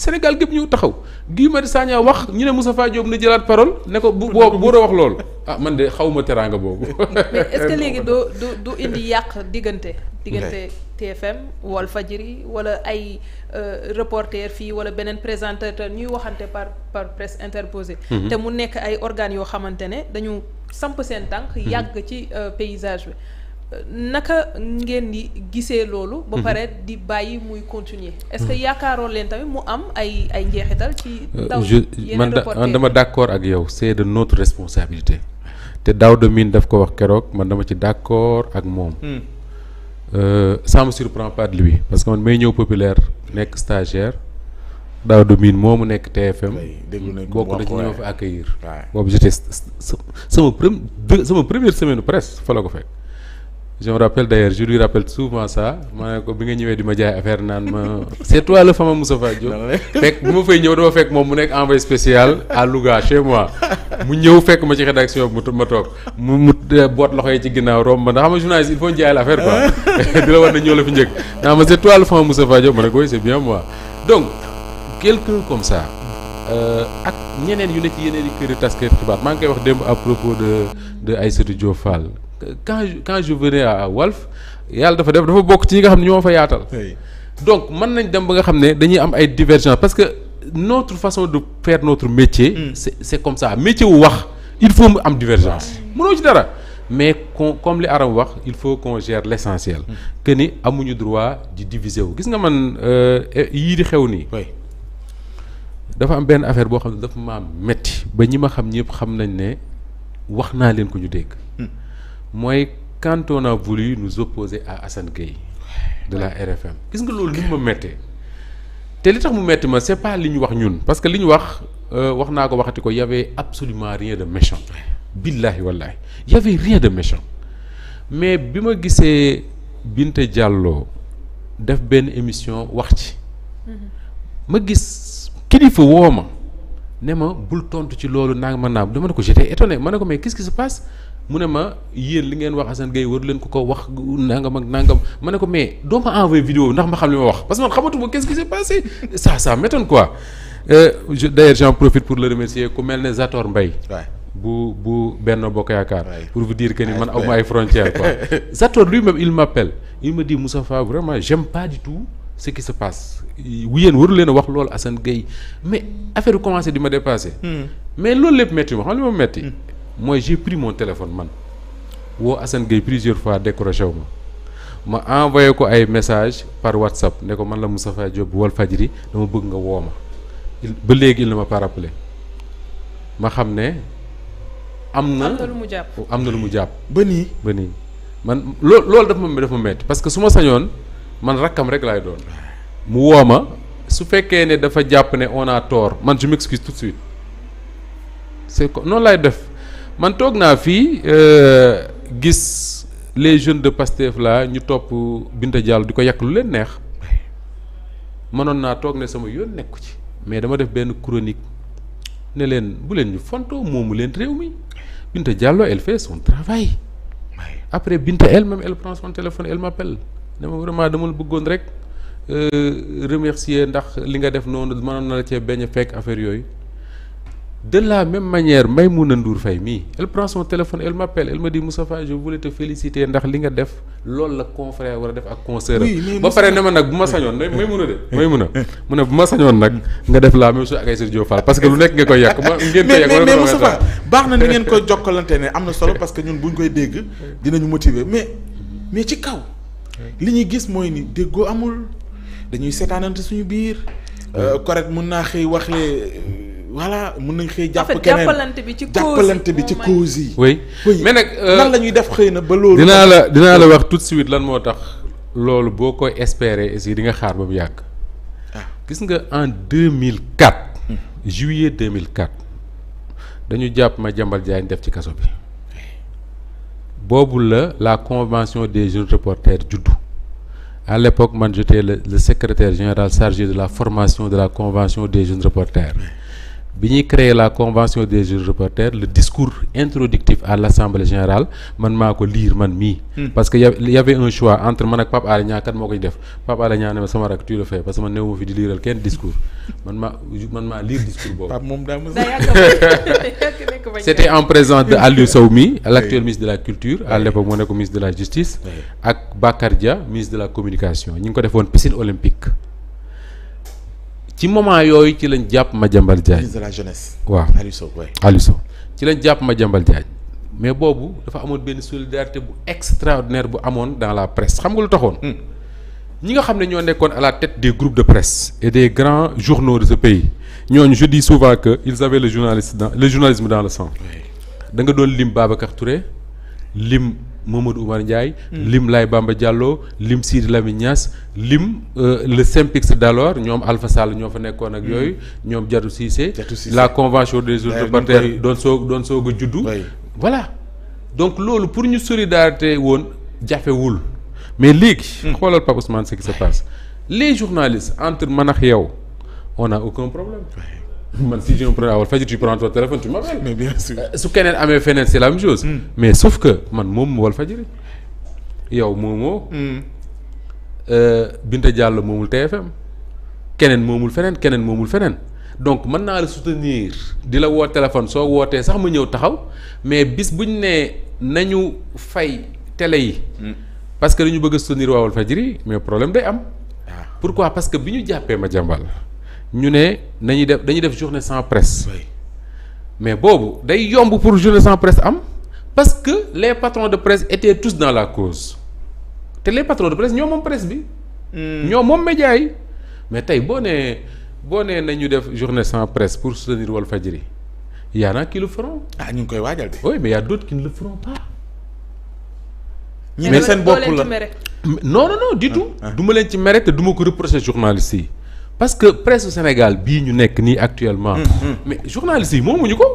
Sénégal gépp ñu taxaw Guy Marius Sagna wax ñu ne Moustapha Diop na jëlaat parole ne ko bu boo bu wax loolu ah man de xaw ma teraanga boobu. mais est léegi doo du du indi yàq diggante. diggante TFM Walfadjri wala ay euh, reporter fii wala beneen présentateur ñuy waxante par par presse interposée. Mhm. te mu nekk ay organes yoo xamante ne dañu samp seen tànk. Mhm. yàgg ci euh, paysage bi. naka ngeen di gisee loolu. ba mhm. pare di bàyyi muy continuer. est-ce que mhm. yaakaaroon leen tamit mu am ay ay njeexital ci. taw euh, yenn man dama d'accord ak yow c'est de notre responsabilité. te Daouda Mine daf ko wax keroog man dama ci d'accord ak moom. Hmm. Euh, ça me surprend pas lu lui parce que man may ñëw populaire nekk stagiaire Daouda Mine moomu nekk TFM. bokk na ci ñëw fa accueillir. waaw boobu j'étais sama première semaine presse fa ko fekk. je me rappelle d' ailleurs je lui rappelle souvent ça ma ne ko bi nga ñëwee di ma jaay affaire naan ma c' est toi le fameux fekk bu ma fay ñëw dama fekk moom mu nekk envoyé spécial à Louga chez moi mu ñëw fekk ma ci rédaction bi mu ma toog mu mu euh, boot loxo yi ci ginnaaw romb ma ndax xam nga journaliste il faut ñu la affaire quoi di la war na ñëw la fi njëkk naa ma c' est toi le fameux Moustapha Diop ma ne ko oui bien moi donc quelqu'un comme ça euh, ak ñeneen yu ne ci yeneen i kër yi taskat maa ngi koy wax démb de de Aïssatou Diop quand je quand je venais Walf yàlla dafa def dafa bokk ci ñi nga xam ne ñoo fa yaatal. donc mën nañ dem ba nga xam ne dañuy am ay divergence parce que notre façon de faire notre métier. Hmm. c'est c'est comme ça métier wu wax il faut mu am divergence. mënoo ci dara mais comme li Aram wax il faut qu'on gère l'essentiel. Mm. que ni amuñu droit di diviser wu gis nga man euh, yii di xew nii. dafa am benn affaire boo xam ne dafa ma metti ba ñi ma xam ñëpp xam nañ ne wax naa leen ko ñu dégg. Hmm. mooy quand on a voulu nous opposer à Assane Gueye de la RFM gis nga loolu li mu ma méttee te li tax mu métti ma c'est pas li ñu wax ñun parce que li ñu wax euh, wax naa ko waxati ko y avait absolument rien de méchant billahi wallahi y avait rien de méchant mais bi ma gisee Binta Diallo def benn émission wax ci mm-hmm. ma gis kilifa woo ma ne ma bul tontu ci loolu naa ma naam dama ne ko j'étais étonné ma ne ko mais qu'est-ce passe mu ne ma yéen li ngeen wax Assane Gueye waru leen ko ko wax nangam ak nangam ma ne ko mais doo ma envoyé ndax ma xam li ma wax parce man xamatuma qu'est-ce qui s'est passé ça ça m'étonne quoi euh, je d'ailleurs j'en pour le remercier ku mel ne Zator Mbaye bu bu Benno Bokk Yaakaar pour vous dire ni man aw ma ay frontières quoi Zator lui-même il m'appelle il me dit Moustapha vraiment j'aime pas du passe a wax mais di ma dépasser hmm. loolu lépp métti ma xam li ma métti hmm. mooy j'ai pris mon téléphone man woo Assane Gueye plusieurs fois décroché wu ma ma envoyé ko ay message par WhatsApp ne ko man la Moustapha Diop bu Walfadjri dama bëgg nga woo ba léegi il ne m'a pas ma xam ne. am na lu mu jàpp am na lu mu jàpp. ba nii ba nii man loolu loolu dafa ma dafa metti parce que su ma sañoon man rakkam rek laay doon mu woo ma su fekkee ne dafa jàpp ne on a tort man je m'excuse tout de suite c'est noonu laay def. man toog naa fii euh, gis les jeunes de Pastef la ñu topp Binta jàll di ko yàq lu leen neex mënoon naa toog ne sama yoon nekku ci mais dama def benn chronique ne leen bu leen ñu fontoo moomu leen réew mi Binta Diallo elle fait son travail après Binta elle-même elle prend son téléphone elle m'appelle ne ma vraiment dama la bëggoon rek euh, remercier ndax li nga def noonu mënoon na la cee bañ a fekk affaire yooyu. de la même manière Maymouna Ndour Faye mii elle prend son téléphone elle m'appelle elle me dit Moustapha je voulais te féliciter ndax li nga def loolu la confrère war a def ak conseiller ba pare ne ma nag bu ma sañoon Maymouna de Maymouna mu ne bu ma sañoon nag nga def la même chose ak Aïssatou Diop Fall parce que lu nekk nga koy yàq ma ngeen koy yàq baax na ni ngeen koy jokkalante ne am na solo parce que ñun buñ koy dégg dinañu motiver mais mais ci kaw li ñuy gis mooy ni déggoo amul dañuy seetaanante suñu biir euh, correct mun naa xëy waxle voilà mun nañ xëy jàpp keneen jàppalante bi ci cause jàppalante bi ci oh cause yi. oui mais nag euh, nan la ñuy def xëy na ba loolu. dinaa la dinaa la wax tout de suite lan moo tax loolu boo koy espérer aussi di nga xaar ba mu yàgg. Ah. gis nga en 2004. Hmm. juillet 2004 dañu jàpp ma jambal jaay def ci kaso bi boobu la la convention des jeunes reporters juddu. à l'époque man j'étais le, le secrétaire général chargé de la formation de la convention des jeunes reporters. bi ñuy créer la convention des jeunes reporters le discours introductif à l'assemblée générale man maa ko liir man mii. Hmm. parce que y avait un choix entre man ak Pape Alé Niang moo koy def Pape Alé Niang ma sama rak tu le fais parce que man newuma fi di liiral kenn discours man maa liir maa lire discours boobu. moom daa c'était en présence de Aliou Sow mi l'actuel ministre de la culture à l'époque moo nekk ministre de la justice. ak Bakar Dia ministre de la communication ñu ngi ko defoon piscine olympique. ci moment yooyu ci lañ jàpp ma Diagne ministre de la jeunesse waaw Aliou Sow Aliou ci lañ jàpp Madiambal Diagne mais boobu dafa amoon benn solidarité bu extraordinaire bu amoon dans la presse xam nga lu taxoon hmm. ñi nga xam ne ñoo nekkoon à la tête des groupes de presse et des grands journaux de ce pays ñooñu je dis souvent que ils avaient le journaliste dans le journalisme dans le sang da nga doon lim Babacar Touré lim Mamadou Oumar Ndiaye. Mm. lim Laye Bamba Diallo lim Sidi Lamine Niass lim euh, le SYNPICS d'alors ñoom Alpha Sall ñoo fa nekkoon ak mm. yooyu. ñoom Diatou Cissé. la convention des autres partenaires doon soog doon soog a juddu. voilà donc loolu pour ñu solidarité woon jafewul mais léegi. Mm. xoolal Pape Ousmane ce qui se passe les journalistes entre man ak yow on a aucun problème. man si je me prends wala fajit tu prends ton téléphone tu m'appelles. mais bien euh, su keneen amee feneen c'est la hmm. mais sauf que man moom wal fajiri yow moomoo. Hmm. Euh, Binta Diallo moomul TFM. keneen moomul feneen keneen moomul feneen donc mën naa la soutenir di la woo téléphone soo wootee sax ma ñëw taxaw mais bis buñ nee nañu fay tele yi. Hmm. parce que ñu bëgg a soutenir waa Walfadjri mais problème day am. Ah. pourquoi parce que bi ñu jàppee ma jàmbal. ñu ne nañuy def dañuy def journée sans presse. Oui. mais boobu day yomb pour journée sans presse am parce que les patron de presse étaient tous dans la cause te le patrons de presse ñoo moom presse bi. Hmm. ñoo moom média yi. mais tey boo nee boo nee nañu def journée sans presse pour soutenir Walfadjri y en a qui le feront. ah ñu ngi koy waajal de. oui mais y a d'autres qui ne le feront pas. ñu seen bopp la noonu non non ah, ah. du ma leen ci mere te du ma ko reprocher journaliste yi. parce que presse Sénégal bi ñu nekk nii actuellement. Mm, mm. mais journalistes yi moomuñu ko.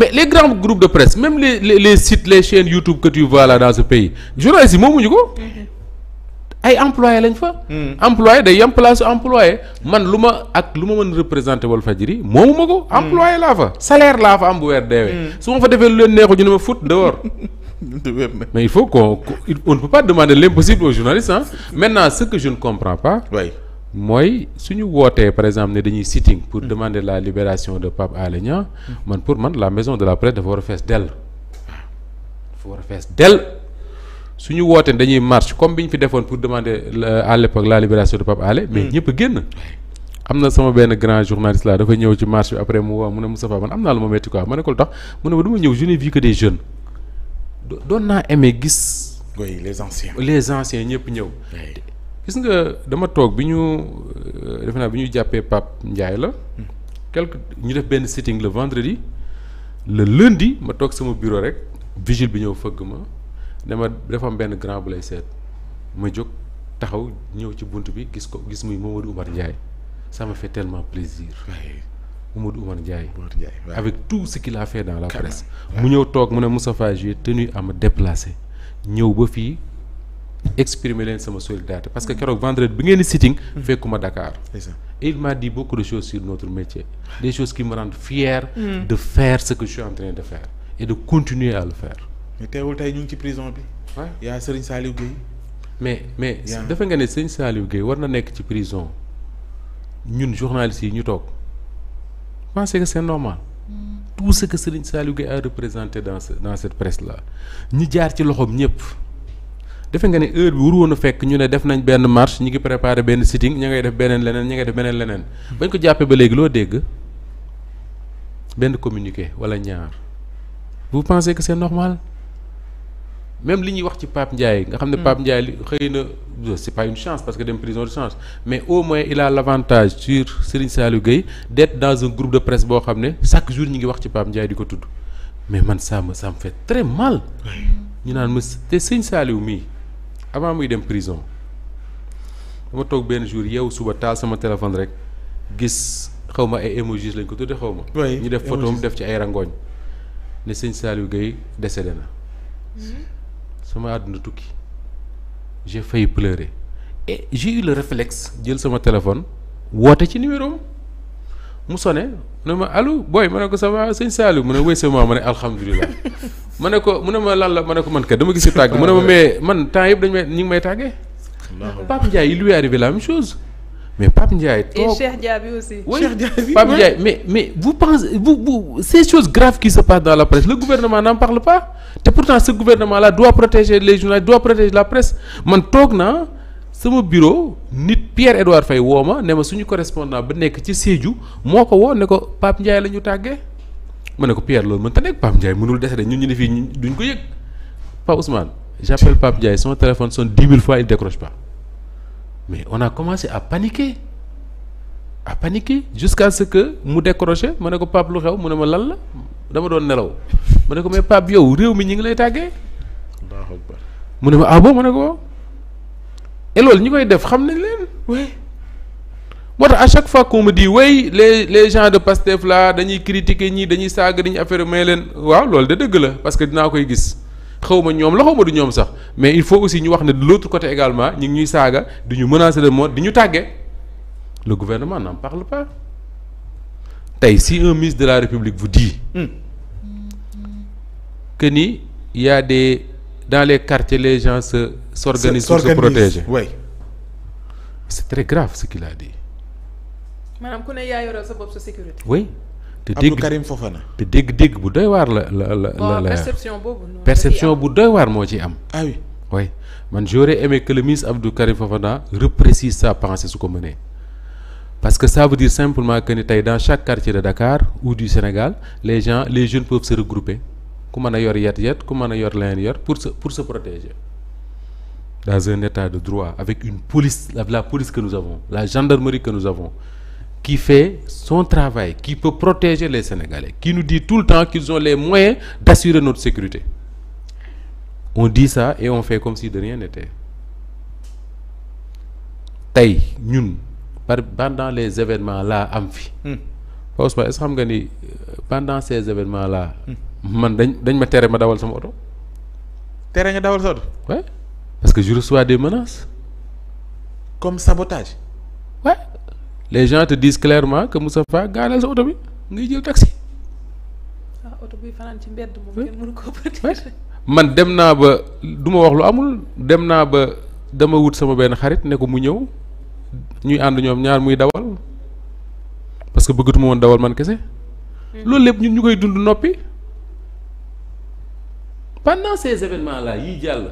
mais les grands groupes de presse même les les, les sites les chaînes YouTube que tu vois là dans ce pays journalistes yi ñu ko. ay employé lañ fa. Mm. employé day yem place employé man lu ma ak lu ma mën représenté Walfadjri moomu ma ko. employé laa fa salaire laa fa am bu weer deewee. su ma fa defee lu leen neexu ñu ne ma fut dehors. mais il faut qu'on on ne peut pas demander l'impossible aux journalistes mooy suñu wootee par exemple ne dañuy sitting pour mm. demander la libération de Pape Alé Niang mm. man pour man la maison de la presse dafa war a fees dell dafa war a fees dell suñu wootee dañuy marche comme bi ñu fi defoon pour demander à l'époque la libération de Pape Alé mais mm. ñëpp génn am na sama benn grand journaliste la dafa ñëw ci marche bi après mu woo mu ne Moustapha man am naa lu ma métti quoi ma ne ko lu tax mu ne ma du ñëw je n'ai vu que des doon naa aimé gis les anciens les anciens ñëpp ñëw gis nga dama toog bi ñu euh, defe naa bi ñu jàppee Pape Ndiaye la hmm. quelque ñu def benn sitting le vendredi le lundi ma toog sama bureau rek vigile bi ñëw fëgg ma dama ma benn grand bu lay seet ma jóg taxaw ñëw ci bunt bi gis ko gis muy Mamadou Oumar Ndiaye ça m'a fait tellement plaisir Mamadou Oumar Ndiaye avec tout ce qu'il a fait la presse mu ñëw toog mu ne Moustapha j'ai tenu à me déplacer ñëw ba fii exprimer leen sama solidarité parce que keroog vendredi bi ngeen di sitting mm-hmm. fekkuma Dakar et il m'a dit beaucoup de choses sur notre métier des choses qui me rendent fier mm-hmm. de faire ce que je suis de faire et de continuer à le mais ngi ci prison bi yaa Serigne Saliou Gueye mais mais dafa nga ne Serigne Saliou Gueye war na nekk ci prison ñun journalistes yi ñu toog pensez que seen normal mm. tout ce que Serigne Saliou Gueye a représenté dans dans cette presse là ñu jaar ci loxoom ñëpp defe nga ne heure bi waru woon fekk ñu ne def nañ benn marche ñu ngi préparé benn sitting ña ngay def beneen leneen ña ngay def beneen leneen. bañ ko jàppee ba léegi loo dégg benn communiqué wala ñaar bu pensez que c'est normal même li ñuy wax ci Pape Ndiaye. nga xam ne mm. Pape Ndiaye li xëy na c'est pas une chance parce que dem prison de chance mais au moins il a l'avantage sur Serigne Saliou Gueye d'être dans un groupe de presse boo xam ne chaque jour ñu ngi wax ci Pape Ndiaye di ko tudd mais man ça me fait très ñu naan ma te mii. avant muy dem prison ma toog benn jour yeewu suba taal sama téléphone rek gis xaw ma ay émojis lañ ko tudde xaw ma. ñu def photo def ci ay rangooñ ne sëñ Saliou Gueye décédé na. sama àdduna tukki j'ai failli pleurer et j'ai eu le jël sama téléphone woote ci numéro mu sone mu ne ma allo booy ma ne ko ça va sëñ Saliou mu ne wéy sama ma ne alhamdulilah. ma ne ko mu ne ma lan la ma ne ko man kat dama gis tàgg mu ne ma mais man temps yëpp dañu may ñu ngi may tàggee. Pape Ndiaye il lui est arrivé la même chose. mais Pape Ndiaye. toog et Cheikh Diaby aussi. oui Cheikh Diaby Pape Ndiaye mais mais vous pensez vous vous ces choses graves qui se passent dans la presse le gouvernement n'en parle pas te pourtant ce gouvernement là doit protéger les journalistes doit protéger la presse man toog naa sama bureau nit Pierre Edouard Faye woo ma ne ma suñu correspondant ba nekk ci Sédhiou moo ko woo ne ko Pape Ndiaye la ñu tàggee. ma ne ko Pierre loolu mënta nekk Pape Ndiaye mënul décédé ñun ñu ne fii duñ ko yëg Pape Ousmane j'appelle Pape Ndiaye son téléphone sonne dix mil fois il décroche pas mais on a commencé a paniquer à paniquer jusqu'à ce que mu décroché ma ne ko Pape lu xew mu ne ma lan la dama doon nelaw ma ne ko mais Pape yow réew mi ñu ngi lay tàggee. mu ne ma ah bon ma ne ko et ñi koy def xam ne leen moo tax à chaque fois qu'on di dit oui les les gens de Pastef là dañuy critiquer ñii dañuy saaga dañuy affaire may leen waaw loolu de dëgg la parce que dinaa koy gis xaw ma ñoom la xaw ma du ñoom sax mais il faut aussi ñu wax ne de l'autre côté également ñu ngi ñuy saaga di ñu menacer de mort di ñu tàggee le gouvernement n'en parle pas tey si un ministre de la République bu dit hmm. que ni y des dans les quartier les gens se s'organisent pour se protéger oui c'est très grave maanaam ku ne yaa sa bopp te dégg Abdou Karim Fofana. te dégg bu doy waar la la la la perception boobu perception bu doy waar moo ci am. ah oui oui man j'aurais aimé que le ministre Abdou Karim Fofana reprécise sa pensée su ko mënee. parce que ça veut dire simplement que ni tey dans chaque quartier de Dakar ou du Sénégal les gens les jeunes peuvent se regrouper ku mën a yor yet yet ku mën a yor leen yor pour sa pour se protéger dans un état de droit avec une police la police que nous avons la gendarmerie que nous avons qui fait son travail, qui peut protéger les Sénégalais, qui nous dit tout le temps qu'ils ont les moyens d'assurer notre sécurité. On di ça et on fait comme si de rien n'était. tey ñun par pendant les événement là am fi. Hmm. Paos xam nga ni euh, pendant ces événements là. Hmm. man dañ dañ ma tere ma dawal sama oto. parce que je reçois de menaces. comme sabotage. les gens te disent clairement que Moustapha gaaral sa oto bi ngay jël taxi. waaw ah, oto ci mbedd moom man dem naa ba du ma wax lu amul dem naa ba dama wut sama benn xarit ne ko mu ñëw ñuy ànd ñoom ñaar muy dawal parce que bëggatuma woon dawal man kese. Hmm. loolu lépp ñun ñu koy dund noppi. pendant ces événements là yii jàll.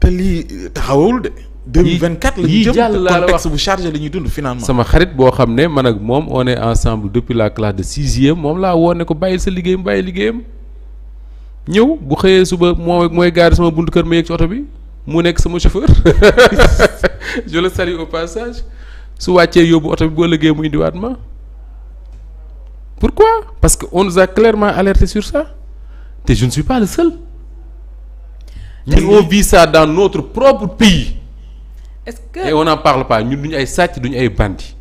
te lii taxawawul de. 2024 la ñu jëm contexte bu chargé la ñuy dund finalement. sama xarit boo xam ne man ak moom on est ensemble depuis la classe de sixième moom laa woon ne ko bàyyil sa liggéeyam bàyyi liggéeyam ñëw bu xëyee suba moo mooy gaari sama buntu kër ma yegg ci oto bi mu nekk sama chauffeur je le salue au passage su wàccee yóbbu oto bi boo léggéey mu indiwaat ma pourquoi parce que on nous a clairement alerté sur ça te je ne suis pas le seul. ñu on vit ça dans notre propre est-ce que et on n'en parle pas duñu ay sàcc duñu ay bandi.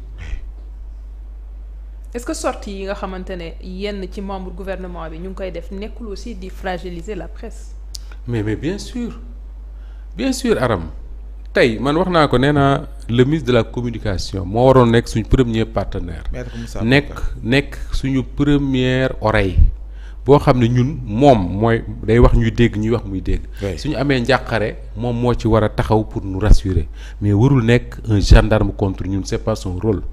est-ce que sorties yi nga xamante ne yenn ci membre gouvernement bi ñu ngi koy def nekkul aussi di fragiliser la presse. mais mais bien sur bien sûr Aram tey man wax naa ko nee naa le ministre de la communication moo waroon nekk suñu premier partenaire. nekk nekk suñu première oreille. boo xam ne ñun moom mooy day wax ñuy dégg ñuy wax muy dégg. suñu amee njàqare moom moo ci war a taxaw pour nous rassurer mais warul nekk un gendarme contre ñun c'est pas son rôle.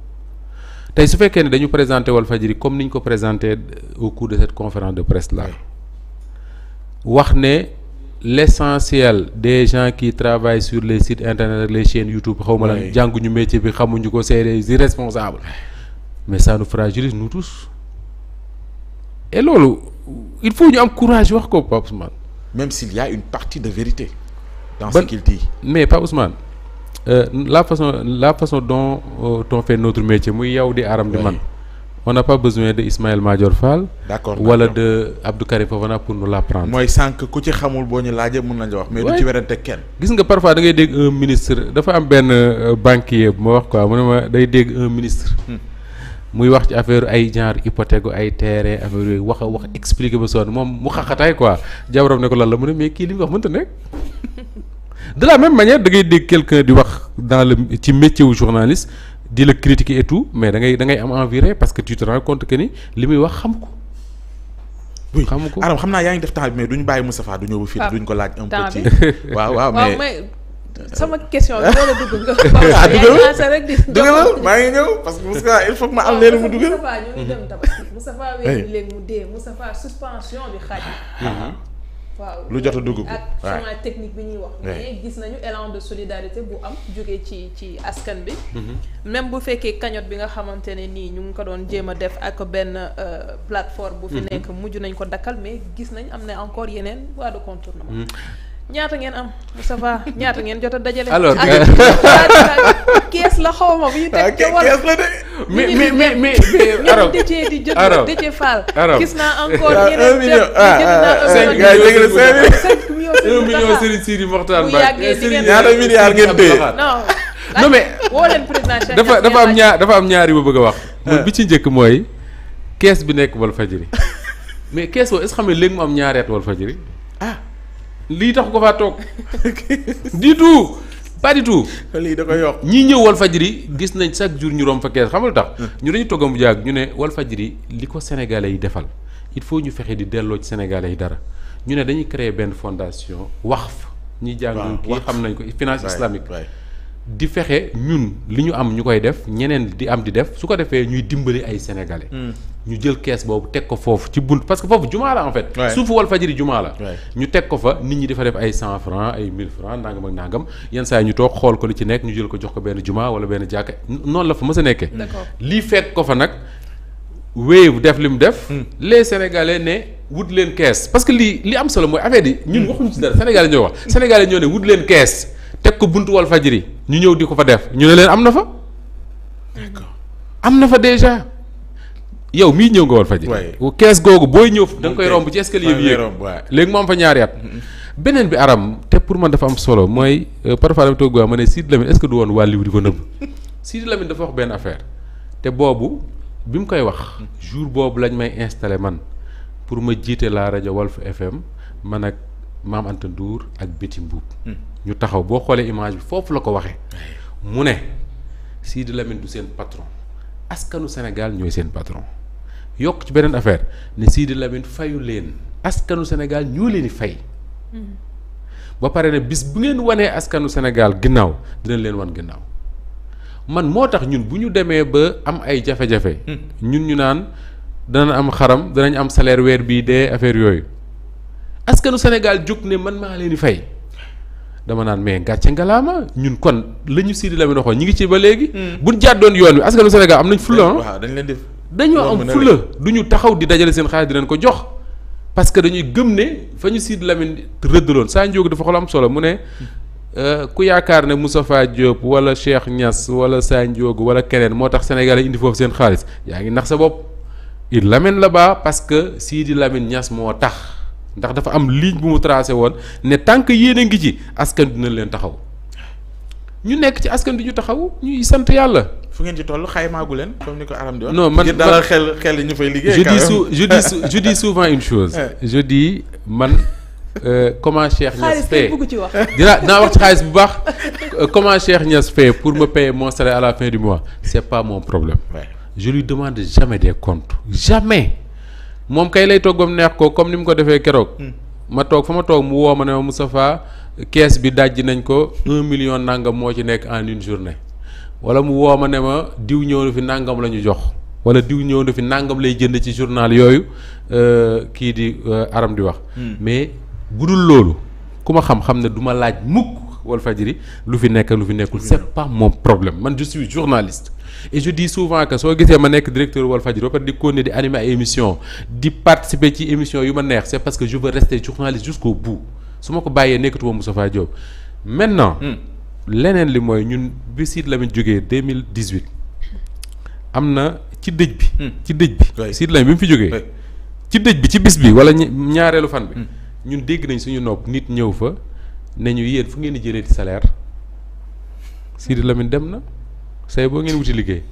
tey su fekkee ne dañu présenté Walfadjri comme ni ñu ko présenté au cours de cette conférence de presse là wax ne l'essentiel des gens qui travaillent sur les sites internet ak les chaînes YouTube xaw ma lan jànguñu métier bi xamuñu ko c'est des irresponsables mais ça nous fragilise loolu il faut ñu am courage wax ko Pape Ousmane. même s'il y a une partie de vérité. dans ben, ce mais Pape Ousmane euh, la façon la façon dont euh, on fait notre métier muy yow di aram di man on n'a pas besoin de Ismaël Madior Fall. d'accord wala de Abdou Karim Fofana pour nous l'apprendre. mooy sànq ku ci xamul boo ñu laajee mun nañu wax. mais du ci werante kenn. gis nga parfois da ngay dégg un ministre dafa am benn euh, banquier bu ma wax quoi mu ne ma day dégg un ministre. Hmm. muy wax ci affaire ay genre hypothèque ay terrain affaire yooyu wax a wax expliqué ba sonn moom mu xaxataay quoi jabaram ne ko lan la mu ne mais kii li mu wax mënta nekk de la même manière dégg quelqu'un di wax dans le ci métier wu journaliste di la critiquer et tout mais da ngay da ngay am envie parce que tu te compte que ni li muy wax xam ko. oui xam ko aram naa yaa ngi def temps bi mais duñ bàyyi Moustapha du ñëw ba fii duñ ko laaj. un waaw waaw mais. sama question bi loolu dugg nga. ah maa ngi parce que Moustapha il faut ma am leen mu duggal. Moustapha ñu dem tabaski Moustapha wéeru leen mu dee Moustapha suspension bi xaj. Uh-huh. waaw lu jot a dugg. technique bi ñuy wax. gis nañu élan de solidarité bu am jóge ci ci askan bi. Mm-hmm. même bu fekkee cagnotte bi nga xamante ne nii ñu ngi ko doon jéem a def ak benn euh, plateforme. bu fi mm-hmm. nekk mujj nañ ko dakkal mais gis nañ am na encore yeneen voies de contournement. Mm-hmm. ñaata ngeen am ça ñaata ngeen jot a dajale. alors kees la xaw ma bu ah, ñu teg ca wàllu. mais mais mais mais. ñoom dëcee di jot dëcee faal. gis naa encore ah, ñeneen jot jënd ah, naa un eh, woo leen président dafa dafa am ñaar dafa am ñaari bëgg a wax. man ci njëkk mooy kees bi nekk Walfadjri mais kees woo est-ce que xam ne léegi mu am ñaareet Walfadjri lii tax ko faa toog du tout pas du tout. lii da ñii ñëw Walfadjri gis nañ chaque jour ñu romb fa kees xam nga lu tax. ñu dañu toggam jàgg ñu ne Walfadjri li ko sénégalais yi defal il faut ñu fexe di delloo ci sénégalais yi dara ñu ne dañuy créer benn fondation waqf ñi jàng kii xam nañ ko finance islamique di fexe ñun li ñu am ñu koy def ñeneen di am di def su ko defee ñuy dimbali ay sénégalais hmm. ñu jël kees boobu teg ko foofu ci bunt parce que foofu jumaa la en fait. suufu Walfadjri jumaa la. ñu teg ko fa nit ñi dafa def ay cent franc ay mille franc nangam ak nangam yenn saa yi ñu toog xool ko li ci nekk ñu jël ko jox ko benn jumaa wala benn jàkka noonu la fa mës a nekkee. lii fekk ko fa nag wéyewu def li mu def. Hmm. les sénégalais ne. wut leen kees parce que lii li am solo mooy affaire yi ñun hmm. waxuñu ci dara Sénégal ñoo wax Sénégal ñoo ne wut leen kees teg ko buntu Walfadjri ñu ñëw di ko fa def ñu ne leen am na fa. na fa déjà. yow mii ñëw nga war faji kees googu booy ñëw da nga koy romb ci escalier bi yéeg léegi mu am fa ñaari at beneen bi aram te pour man dafa am solo mooy euh, parfois dama toog waa ma ne Sidi Lamine est-ce que du woon wàlliwu di ko nëbb Sidi te boobu bi mu koy wax mm. jour boobu lañ may installé man pour ma jiite la rajo Walf FM man ak maam Anta Ndour ak Betty Mbuub mm. ñu taxaw boo xoolee image foofu la ko waxee mu ne Sidi Lamine du seen patron askanu Sénégal ñooy seen patron yokk ci beneen affaire ne Sidi Lamine fayu leen askanu Sénégal ñoo leen di fay. Mm-hmm. ba pare ne bis bu ngeen wanee askanu Sénégal ginnaaw dinañ leen wan ginnaaw man moo tax ñun bu ñu demee ba am ay jafe-jafe. Mm. ñun ñu naan danañ am xaram danañ am salaire weer bii dee affaire yooyu askanu Sénégal jóg ne man maa leen di fay. dama naan mais gàcce ma ñun kon la ñu Sidi Lamine waxoon ñu ngi ci ba léegi. Mm. buñ jàddoon yoon wi askanu Sénégal am nañ fulla. Ah. waaw dañ leen def. dañoo am fulla du ñu taxaw di dajale seen xaalis di leen ko jox parce que dañuy gëm ne fa ñu Sidy Lamine rëddaloon saa njóogu dafa xol am solo mu ne euh, ku yaakaar ne Moustapha Diop wala Cheikh Niass wala saa njóogu wala keneen moo tax Sénégal indi foofu seen xaalis yaa ngi nax sa bopp il Lamine la baa parce que Sidy Lamine Niass moo tax ndax dafa am ligne bu mu tracé woon ne tant que yéen a ngi ci askan dina leen taxaw ñu nekk ci askan bi ñu taxaw ñuy sant yàlla. fu ngeen ci toll xaymaagu leen comme ni ko Aram di wax. non man ngir dalal xel xel ñu fay liggéey. je je dis souvent une chose. je dis man euh, comment Cheikh Niass fait xaalis ci wax. dinaa dinaa wax ci xaalis bu baax euh, comment Cheikh Niass fait pour me payer mon à la fin du mois c'est pas mon problème. je lui demande jamais des comptes. jamais moom kay lay toog ba neex ko comme ni mu ko defee keroog. Hmm. ma toog fa ma toog mu woo ne ma Moustapha kees bi dajji nañ ko un million nangam moo ci nekk en une journée wala mu woo ma ne ma diw ñëw na fi nangam la ñu jox wala diw ñëw na fi nangam lay jënd ci journal yooyu euh, kii di euh, aram di wax. Hmm. mais bu dul loolu ku ma xam-xam ne du ma laaj mukk Walfadjri lu fi nekk lu fi nekkul c'est pas mon problème man je suis et je dis souvent que soo gisee ma nekk directeur Walfadjri ba pare di continuer di animer ay émission di participer ci émission yu ma neex c'est parce que je veux rester su ma ko bàyyee nekkatuma Moustapha Diop maintenant hmm. leneen li mooy ñun bi Sidy Lamine jógee deux mille dix huit am na ci dëj bi hmm. ci dëj bi Sidy Lamine bi mu fi jógee ci dëj bi ci bis bi wala hmm. ñaareelu fan bi ñun dégg nañ suñu nopp nit ñëw fa ne ñu yéen fu ngeen di jëlee ci salaire Sidy Lamine dem na say boo ngeen wuti liggéey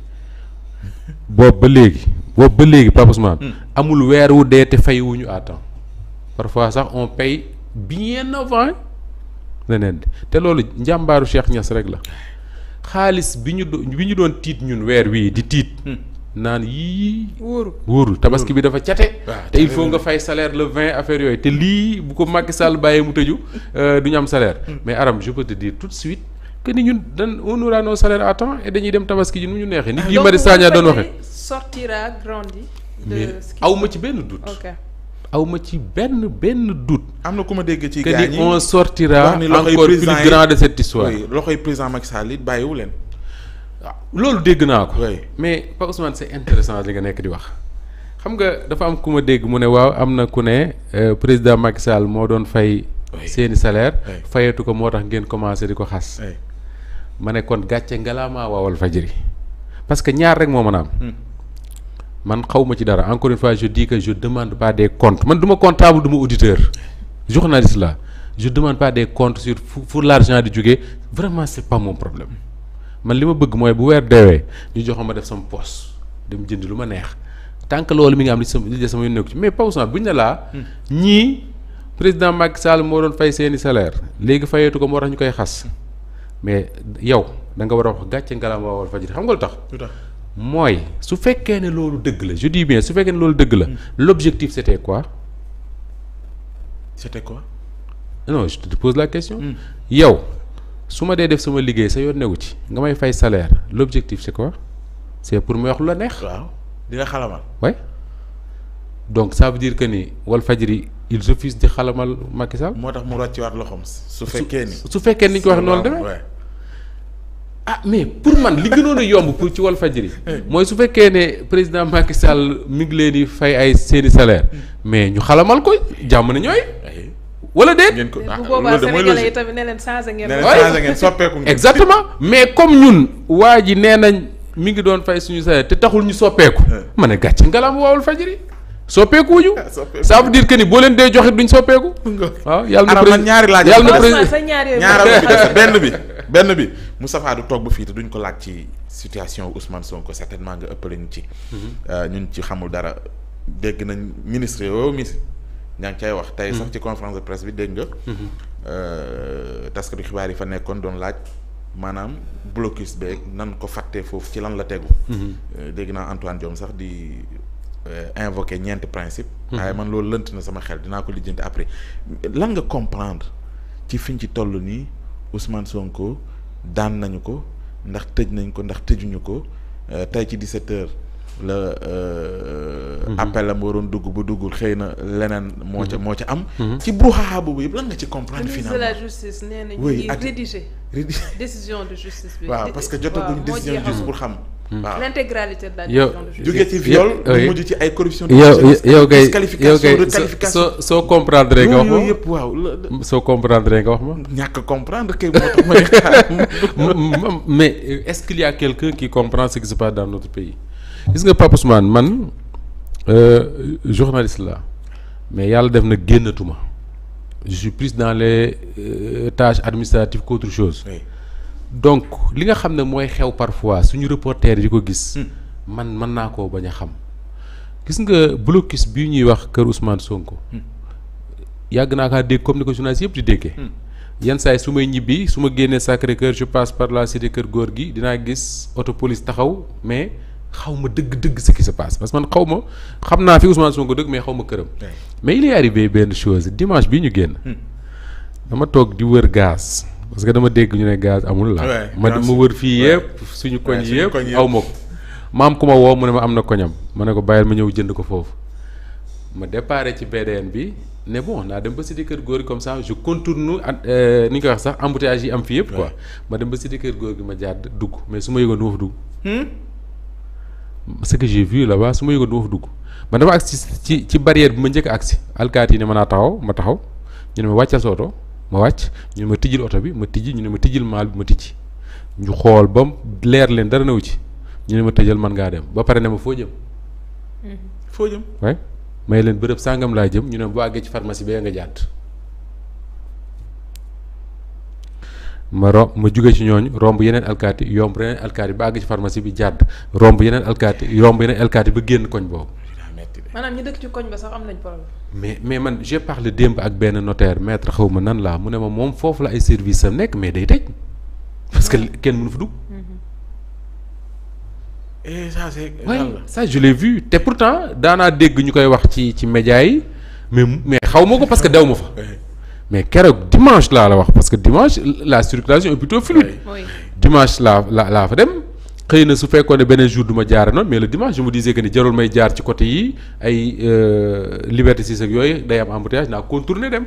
boobu ba léegi boobu ba léegi Papa Ousmane amul weer wu dee te fay wuñu à temps parfois sax on paye bien avant leneen te loolu njàmbaaru Cheikh ñas rek la xaalis bi ñu bi ñu doon tiit ñun weer wii di tiit hmm. naan yii wóorul wóorul tabaski bi dafa cate te il faut nga fay salaire le vingt affaire yooyu te lii bu ko Macky Sall bàyyee mu tëju euh, du ñu am salaire hmm. mais Aram je peux te dire tout de suite que ñun dan on aura nos salaires à dañuy dem tabaski ji nu ñu neexee nit yi Mari Sagna doon waxee sortira grandi awma ci benn doute awma ci benn benn doute. am na ku ma dégg ci gars yi que on sortira encore plus grand de cette histoire. oui loxoy président Macky Sall it leen. waaw ah, loolu dégg naa ko. mais Pape Ousmane c'est intéressant li nga nekk di wax. xam nga dafa am ku ma dégg mu ne waaw am na ku ne euh, président Macky Sall moo doon fay. seeni salaire. fayatu ko moo tax ngeen commencé di ko xas. ma ne kon gàcce ngalaamaa waawal fajiri parce que ñaar rek moo mën am. Hmm. man xaw ma ci dara encore une fois je dis que je demande pas des comptes man du ma comptable du ma auditeur journaliste là je demande pas des comptes sur fu l'argent di jógee vraiment c'est pas mon problème man li ma bëgg mooy bu weer deewee ñu jox ma def sama poche dem jënd lu ma neex tant que loolu mi nga am li sama li sama yoon nekku ci mais Pao San buñ ne laa. Hmm. ñii président Macky Sall moo doon fay seeni salaire léegi fayeetu ko moo tax ñu koy xas hmm. mais yow da nga war a wax gàcce ngalaam waa Walfadjri xam nga lu tax. mooy su fekkee ne loolu dëgg la je dis bien su fekkee ne loolu dëgg la mm. l'objectif c'était quoi c'était quoi non je te pose la question mm. yow su ma dee def sama liggéey sa yoon newu ci nga may fay salaire l'objectif c'est quoi c'est pour ma wax lu la neex waaw dina xalamal way donc ça veut dire que ni wal Walfadjri il refuse di xalamal Macky Sall moo tax mu rocciwaat loxoom su fekkee ni su fekkee ni ñu ko waxee noonu demee ah mais pour man li gënoon a yomb pour ci Walfadjri mooy su fekkee ne président Macky Sall mi ngi leen di fay ay seeni salaire mais ñu xalamal ko jàmm na ñooy. wala déet ngeen ko ah loolu tamit ne leen changé ngeen. ngeen soppeeku ngeen exactement mais comme ñun waa ji nee nañ mi ngi doon fay suñu salaire te taxul ñu soppeeku. Eh. ma ne gàcce ngalam waawul fajiri soppeeku wuñu. Ah, ça veut dire que ni boo leen dee joxe duñ soppeeku. waaw yàlla na président ñaari laaj. yàlla na président ñaari benn bi. benn bi Moustapha du toog ba fii te duñ ko laaj ci situation Ousmane Sonko certainement nga ëppale ñu ci. Euh, ñun ci xamul dara dégg nañ ministre yooyu ministre ñaa ngi cay wax. tey sax mm-hmm. ci conférence de presse bi dégg nga. Mm-hmm. Euh, taskatu xibaar yi fa nekkoon doon laaj. maanaam blocus beeg nan ko fàttee foofu ci lan la tegu. Mm-hmm. Euh, dégg naa Antoine Diome sax di invoquer ñeenti principe. waaye man loolu lënt na sama xel dinaa ko lijjanti après lan nga comprendre ci fiñ ci toll nii Ousmane Sonko daan nañu ko ndax tëj nañ ko ndax tëjuñu ko euh, tey ci di h la. Euh, mhm. appel am waroon dugg bu duggul xëy na leneen. moo ca mhm. moo ca am. Mhm. ci brouhaha boobu yëpp lan nga ci comprendre. finalement ministre de la justice de justice bi. waaw parce que jotaguñ de justice pour xam. waaw hmm. ah. l'intégralité de la ci ay corruption. yow yow kay yow soo soo comprendre nga wax ma yëpp waaw. soo comprendre nga wax ma. ñàkk comprendre kay moo tax mais euh, est-ce qu'il y a quelqu'un qui comprend ce qui se passe dans notre pays gis nga Pape Ousmane man euh, journaliste la mais yàlla def na génnatuma je suis plus dans les euh, tâches administratives qu'autre chose. donc li nga xam ne mooy xew parfois suñu reporter di ko gis. Hmm. man mën naa ko bañ a xam. gis nga blocus bii ñuy wax kër Ousmane Sonko. Hmm. yàgg naa ka dégg comme ni ko yëpp di déggee. Hmm. yenn saa yi su may ñibbi su ma génnee Sacré Cœur je passe par la cité kër góor gi dinaa gis auto taxaw mais xaw ma dëgg-dëgg ce qui sa passe parce que man xaw ma xam naa fi Ousmane Sonko dëgg mais xaw ma këram. mais il est arrivé benn chose dimanche bii ñu génn. dama toog di wër gaz. parce que dama dégg ñu ne gaz amul la ma ma wër fii suñu koñ yëpp aw ku ma woo mu ne ma am na koñam ma ne ko bàyyil ma ñëw jënd ko foofu ma déparé ci BDN bi ne bon naa dem ba cité kër góor gi comme ça je euh, ni ñu koy wax sax embouteillage yi am fii yëpp quoi ma dem ba cité kër góor gi ma jàdd dugg mais su ma yëgoon du ma fa dugg hmm? ce ma yëgoon du dugg man dama agsi ci ci barrière bi ma njëkk agsi alkaati yi ne ma naa taxaw ma taxaw ñu ne ma wàccal sa ma wàcc ñu ne ma tijjil oto bi ma tijji ñu ne ma tijjil maal bi ma tijji ñu xool ba leer leen dara newu ci ñu ne ma tëjal man ngaa dem ba pare ne ma foo jëm. Mm-hmm. foo jëm waay may leen bërëb sàngam laa jëm ñu ne bu àggee ci farmasi bee nga jàdd ma ro ma jóge ci ñooñu romb yeneen alkaati yomb yeneen alkaati ba àgg ci pharmacie bi jàdd romb yeneen alkaati romb yeneen alkaati ba génn koñ boobu. mais mais man j'ai parlé démb ak benn notaire maître xaw ma nan laa mu ne ma moom foofu la ay service am nekk mais day tëj parce que kenn mënu fa dugg. Mm-hmm. et ça c'est ouais, ça je te pourtant daanaa dégg ñu koy wax ci ci média yi mais mais xaw ma ko parce que daw ma fa. mais keroog dimanche laa la wax parce que dimanche la circulation est plutôt fluide. dimanche laa la laa fa dem. xëy na su fekkoon ne beneen jour duma jaare noonu mais le dimanche je me disais que ni jarul may jaar ci côté yi ay euh, Liberté 6 ak yooyu day am embouteillage naa contourner dem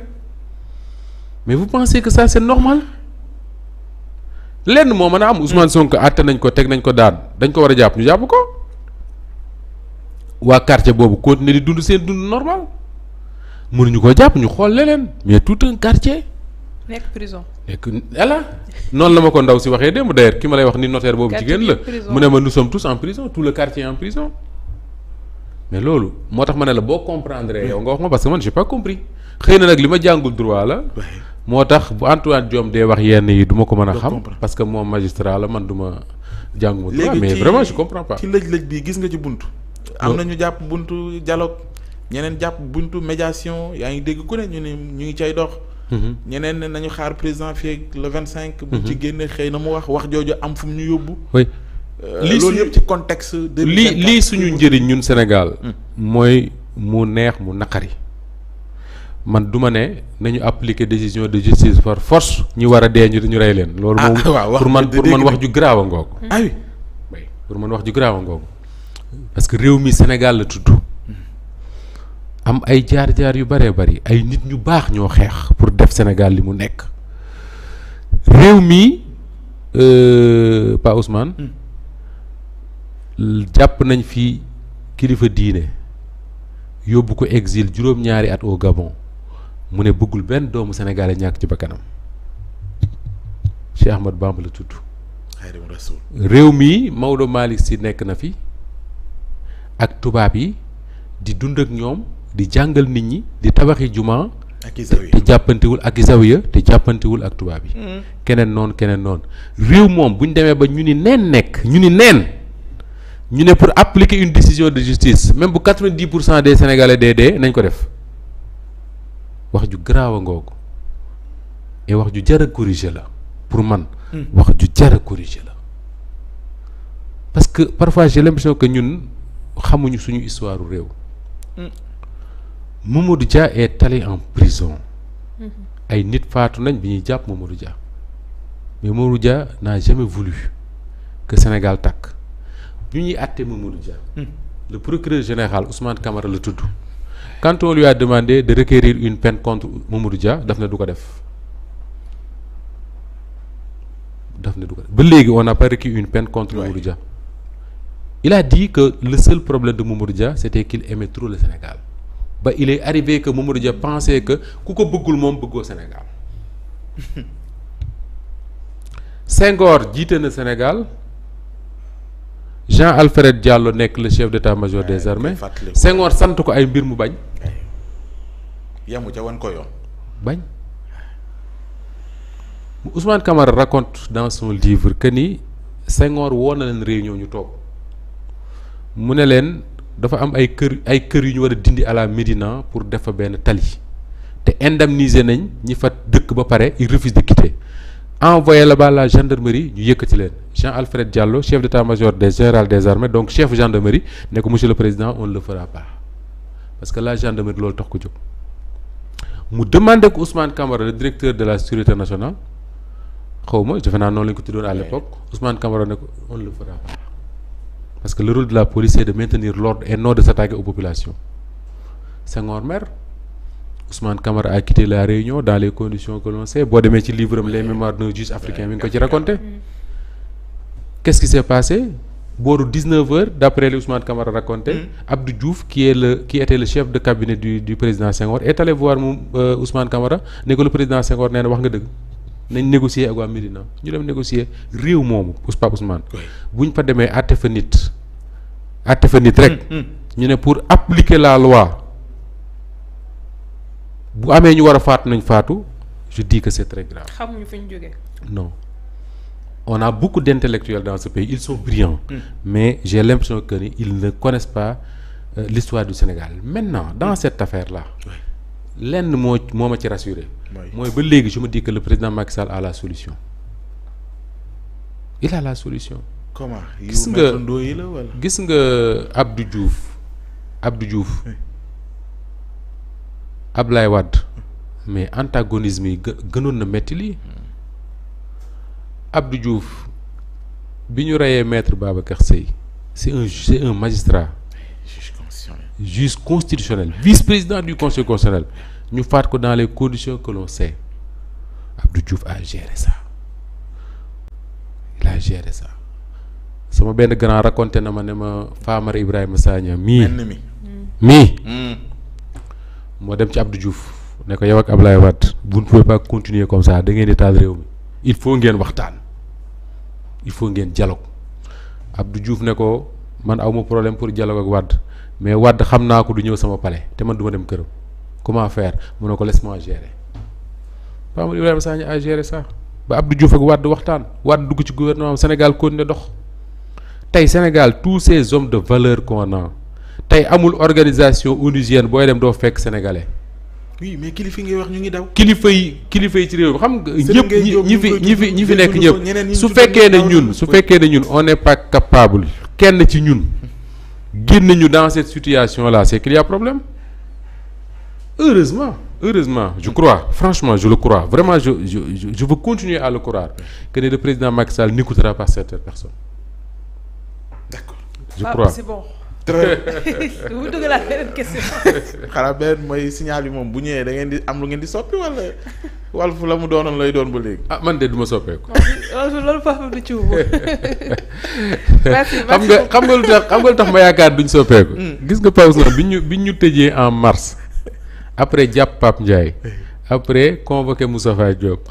mais vous pensez que ça seen normal lenn moo mën a am Ousmane Sonko àtte nañ ko teg nañ ko daan dañ ko war a jàpp ñu jàpp ko waa quartier boobu continuer di dund seen dund normal mënuñu koo jàpp ñu xool leneen mais tout un quartier nekk prison. nekk ala noonu la ma ko ndaw si waxee démb d'ailleurs ki ma lay wax ni notaire boobu jigéen la mu ne ma nous tous en prison tout le quartier en prison mais loolu moo tax ma ne la boo comprendre yow nga wax ma parce que man j'ai pas compris xëy na nag li ma jàngul droit la moo tax bu Antoine Diome dee wax yenn yi du ma ko mën a xam parce que moom magistrat la man du ma jànguma droit mais vraiment je comprends pas ci lëj-lëj bi gis nga ci bunt am nañu jàpp buntu dialogue ñeneen jàpp buntu médiation yaa ngi dégg ku ne ñu ñu ngi cay dox Mm-hmm. ñeneen ne nañu xaar président fii ak le vingt cinq. bu ci mm-hmm. génnee xëy na mu wax wax jooju am fu mu ñu yóbbu. oui euh, lii loolu yëpp ci contexte. de lii lii suñu njëriñ ñun Sénégal. Mm. mooy mu neex mu naqari. man duma ne nañu appliquer décision de justice par force ñu war a dee ñu ñu rey leen. loolu ah, moom pour man ah pour man wax ju grave a ngoogu. ah pour man wax ju grave a parce que réew mi Sénégal la tudd. am ay jaar-jaar yu bëree bëri ay nit ñu baax ñoo xeex pour def Sénégal li mu nekk réew mii euh, Pa Ousmane hmm. jàpp nañ fi kilifa diine yóbbu ko exil juróom-ñaari at au Gabon mu ne bëggul benn doomu sénégalais ñàkk ci bakkanam Cheikh Ahmad Bamba tudd réew mi Maodo Malick si nekk na fi ak tubaab yi di dund ak ñoom di jàngal nit ñi di tabaxi jumaa te jàppantewul ak zawiya te jàppantewul ak tubaab yi mm-hmm. keneen noon keneen noonu réew moom bu ñu demee ba ñu ni neen nekk ñu ni neen ñu ne pour appliquer une décision de justice même bu quatre vingt pour cent des sénégalais dee dee nañ ko def wax ju garaaw a ngoogu et wax ju jar a corriger la pour man mm. wax ju jar a corriger la parce que parfois j'ai l'impression que ñun xamuñu suñu histoire réew mm. Mamadou Dia est tali en prison mm-hmm. ay nit faatu nañ bi ñuy jàpp Mamadou Dia mais Mamadou Dia n'a jamais voulu que Sénégal takk ñu ñuy àtte Mamadou Dia mm. le procureur général Ousmane Camara la tudd quand on lui a de requérir une pen contre Mamadou Dia daf ne du ko def daf ne du ko ba léegi on n'a pas requis une peine contre oui. Mamadou Dia il a dit que le seul problème de Mamadou Dia c'était qu'il aimait trop le Sénégal ba il est arrivé que Mamadou Dia pensait que ku ko bëggul moom bëggoo Sénégal Senghor jiite na Sénégal Jean Alfred Diallo nekk le chef d'état-major des armées Senghor sant ko ay mbir mu bañ. yamu ca wan ko yoon. bañ Ousmane Camara raconte dans son livre que ni Senghor woo na leen réunion ñu toog mu ne leen. dafa am ay kër ay kër yu ñu war a dindi à la pour def fa benn tali te indemniser nañ ñi fa dëkk ba pare ils refusent de quitter envoyé là-bas la gendarmerie ñu yëkkati leen Jean Alfred Diallo chef d'état-major des général des armées donc chef gendarmerie ne ko monsieur le président on ne le fera pas parce que la gendarmerie loolu tax ko jóg mu demande ko Ousmane Camara le directeur de la sécurité nationale xaw ma defe naa noonu la ñu ko tuddoon à l'époque Ousmane Camara parce que le de la police c'est de maintenir l'ordre et non de s'attaquer aux populations Senghor maire Ousmane Camara a quitté la Réunion dans les conditions que l'on boo demee ci livre am les mémoires d'un juge africain mi ngi ko ci raconté mm. qu'est-ce qui s'est passé booru 19 heures d'après li Ousmane Camara raconté mm. Abdou Diouf qui est le chef de cabinet du président Senghor est allé voir moom euh, Ousmane Camara ne ko le président Senghor nee wax nga dëgg nañ négocier ak waa Médina ñu dem négocier réew moomu Pape Ousmane. buñ fa demee àtte fa nit. àtte fa nit rek. Mm, mm. ñu ne pour appliquer la loi bu amee ñu war a faatu nañ faatu je dis que c'est très grave. xamuñu fi ñu jógee. non on a beaucoup d'intellectuels dans ce pays ils sont brillants. Mm. mais j'ai l'impression que ils ne connaissent pas euh, l'histoire du Sénégal maintenant dans mm. affaire la lenn moo moo ma ci rassuré. mooy ba léegi je me dis que le président Macky Sall a la solution il a la solution. gis nga gis nga ab Diouf Abdou Diouf Ablaye Wade mais antagonisme yi gënoon na métti lii Abdou Diouf bi ñu reyee maître Babacar Seye c'est un c'est un magistrat. juge constitutionnel vice-président du conseil constitutionnel ñu faat ko dans les conditions que l'on sait Abdou Diouf a géré ça il sama benn grand raconté na ma ne ma Famara Ibrahima Sagna mii hmm. mii hmm. moo dem ci Abdou Diouf ne ko yow ak Ablaye wadd vous ne pouvez continuer comme ça da ngeen di taal réew mi il faut ngeen waxtaan il faut ngeen dialogue Abdou juuf ne ko man awma problème pour dialogue ak Wade mais Wade xam naa ko du ñëw sama pale te man du ma dem këram comment faire mu ne ko laisse-moi gérer Pa Amadou Ibrahima Sagna a ba Abdou Diouf ak Wade waxtaan Wade dugg ci gouvernement Sénégal continué dox tey Sénégal tous ces hommes de valeur qu'on a tey amul organisation onusienne booy dem doo fekk sénégalais. oui mais kilifa yi ngay wax ñu ngi daw. kilifa yi kilifa yi ci réew mi xam nga. ñëpp ñi fi ñi fi ñi fi nekk ñëpp su fekkee ne ñun su fekkee ne ñun on n'est pas capable kenn ci ñun génn nañu dans cette situation la c'est qu'il problème. heureusement heureusement je crois franchement je le crois vraiment je je je veux continuer à président Macky Sall n'écoutera pas certaines personnes. d'accord je ah, crois xanaa beneen mooy signal bi moom bu ñëwee da ngeen di am lu ngeen di soppi wala Walf mu doonoon lay doon ba léegi. ah man du ma soppeeku. Oh, xam nga xam nga lu tax mm. bi ñu bi ñu tëjee en mars. après jàpp Pape Ndiaye après convoqué Moustapha Diop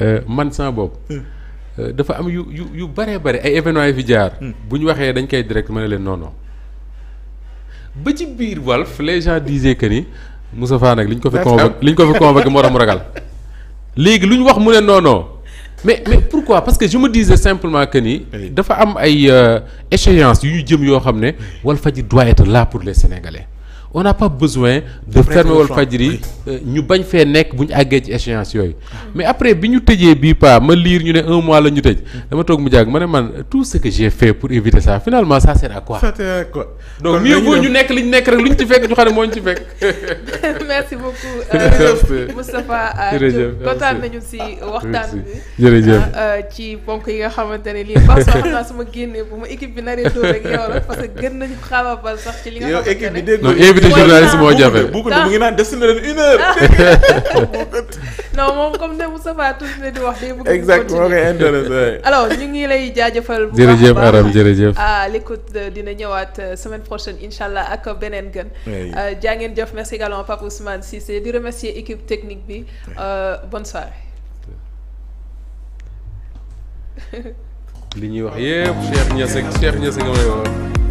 euh, man sama bopp euh, dafa am yu yu yu bëree bëri ay événements yi fi jaar hmm. bu ñu waxee dañ koy direct mën ne leen non ba ci biir Walf les gens disaient que ni Moustapha nag li ñu ko fi convoqué li ñu ko fi convoqué moo tax mu ragal léegi lu ñu wax mu ne non mais mais pourquoi parce que je me simplement que ni dafa am ay euh, échéances yu ñu jëm yoo xam ne Walfadjri doit être là pour le Sénégalais on n'a pas besoin de fermer Walfadjri euh, ñu bañ fee nekk bu ñu àggee ci échéance yooyu ah. mais après bi ñu tëjee bii pas ma liir ñu ne un mois la ñu tëj mm. dama toog mu jàgg ma ne man tout ce que j'ai fait pour éviter ça finalement ça sert à quoi donc mieux vaut ñu nekk li ñu nekk rek lu ñu ci fekk ñu xam ne moo ñu ci fekk merci beaucoup euh, Moustapha euh, kontaan nañu si ah, waxtaan bi jërëjëf ci ponk yi nga xamante ne lii baax sax naa su ma génnee bu ma équipe bi naree dóor ak yow la parce que gën invité journaliste moo jafe. bu mu ngi naan des na leen une heure. Ah. non moom comme ne Moustapha toujours di wax day bëgg. exactement kay intéressé alors ñu ngi lay jaajëfal. bu baax a baax jërëjëf Aram jërëjëf. ah dina ñëwaat euh, semaine prochaine incha ak beneen gën. Euh, jaa ngeen jëf merci également Pape Ousmane Cissé di remercier équipe technique bi euh, bonne li ñuy wax yëpp Cheikh Niass Cheikh Niass nga may wax.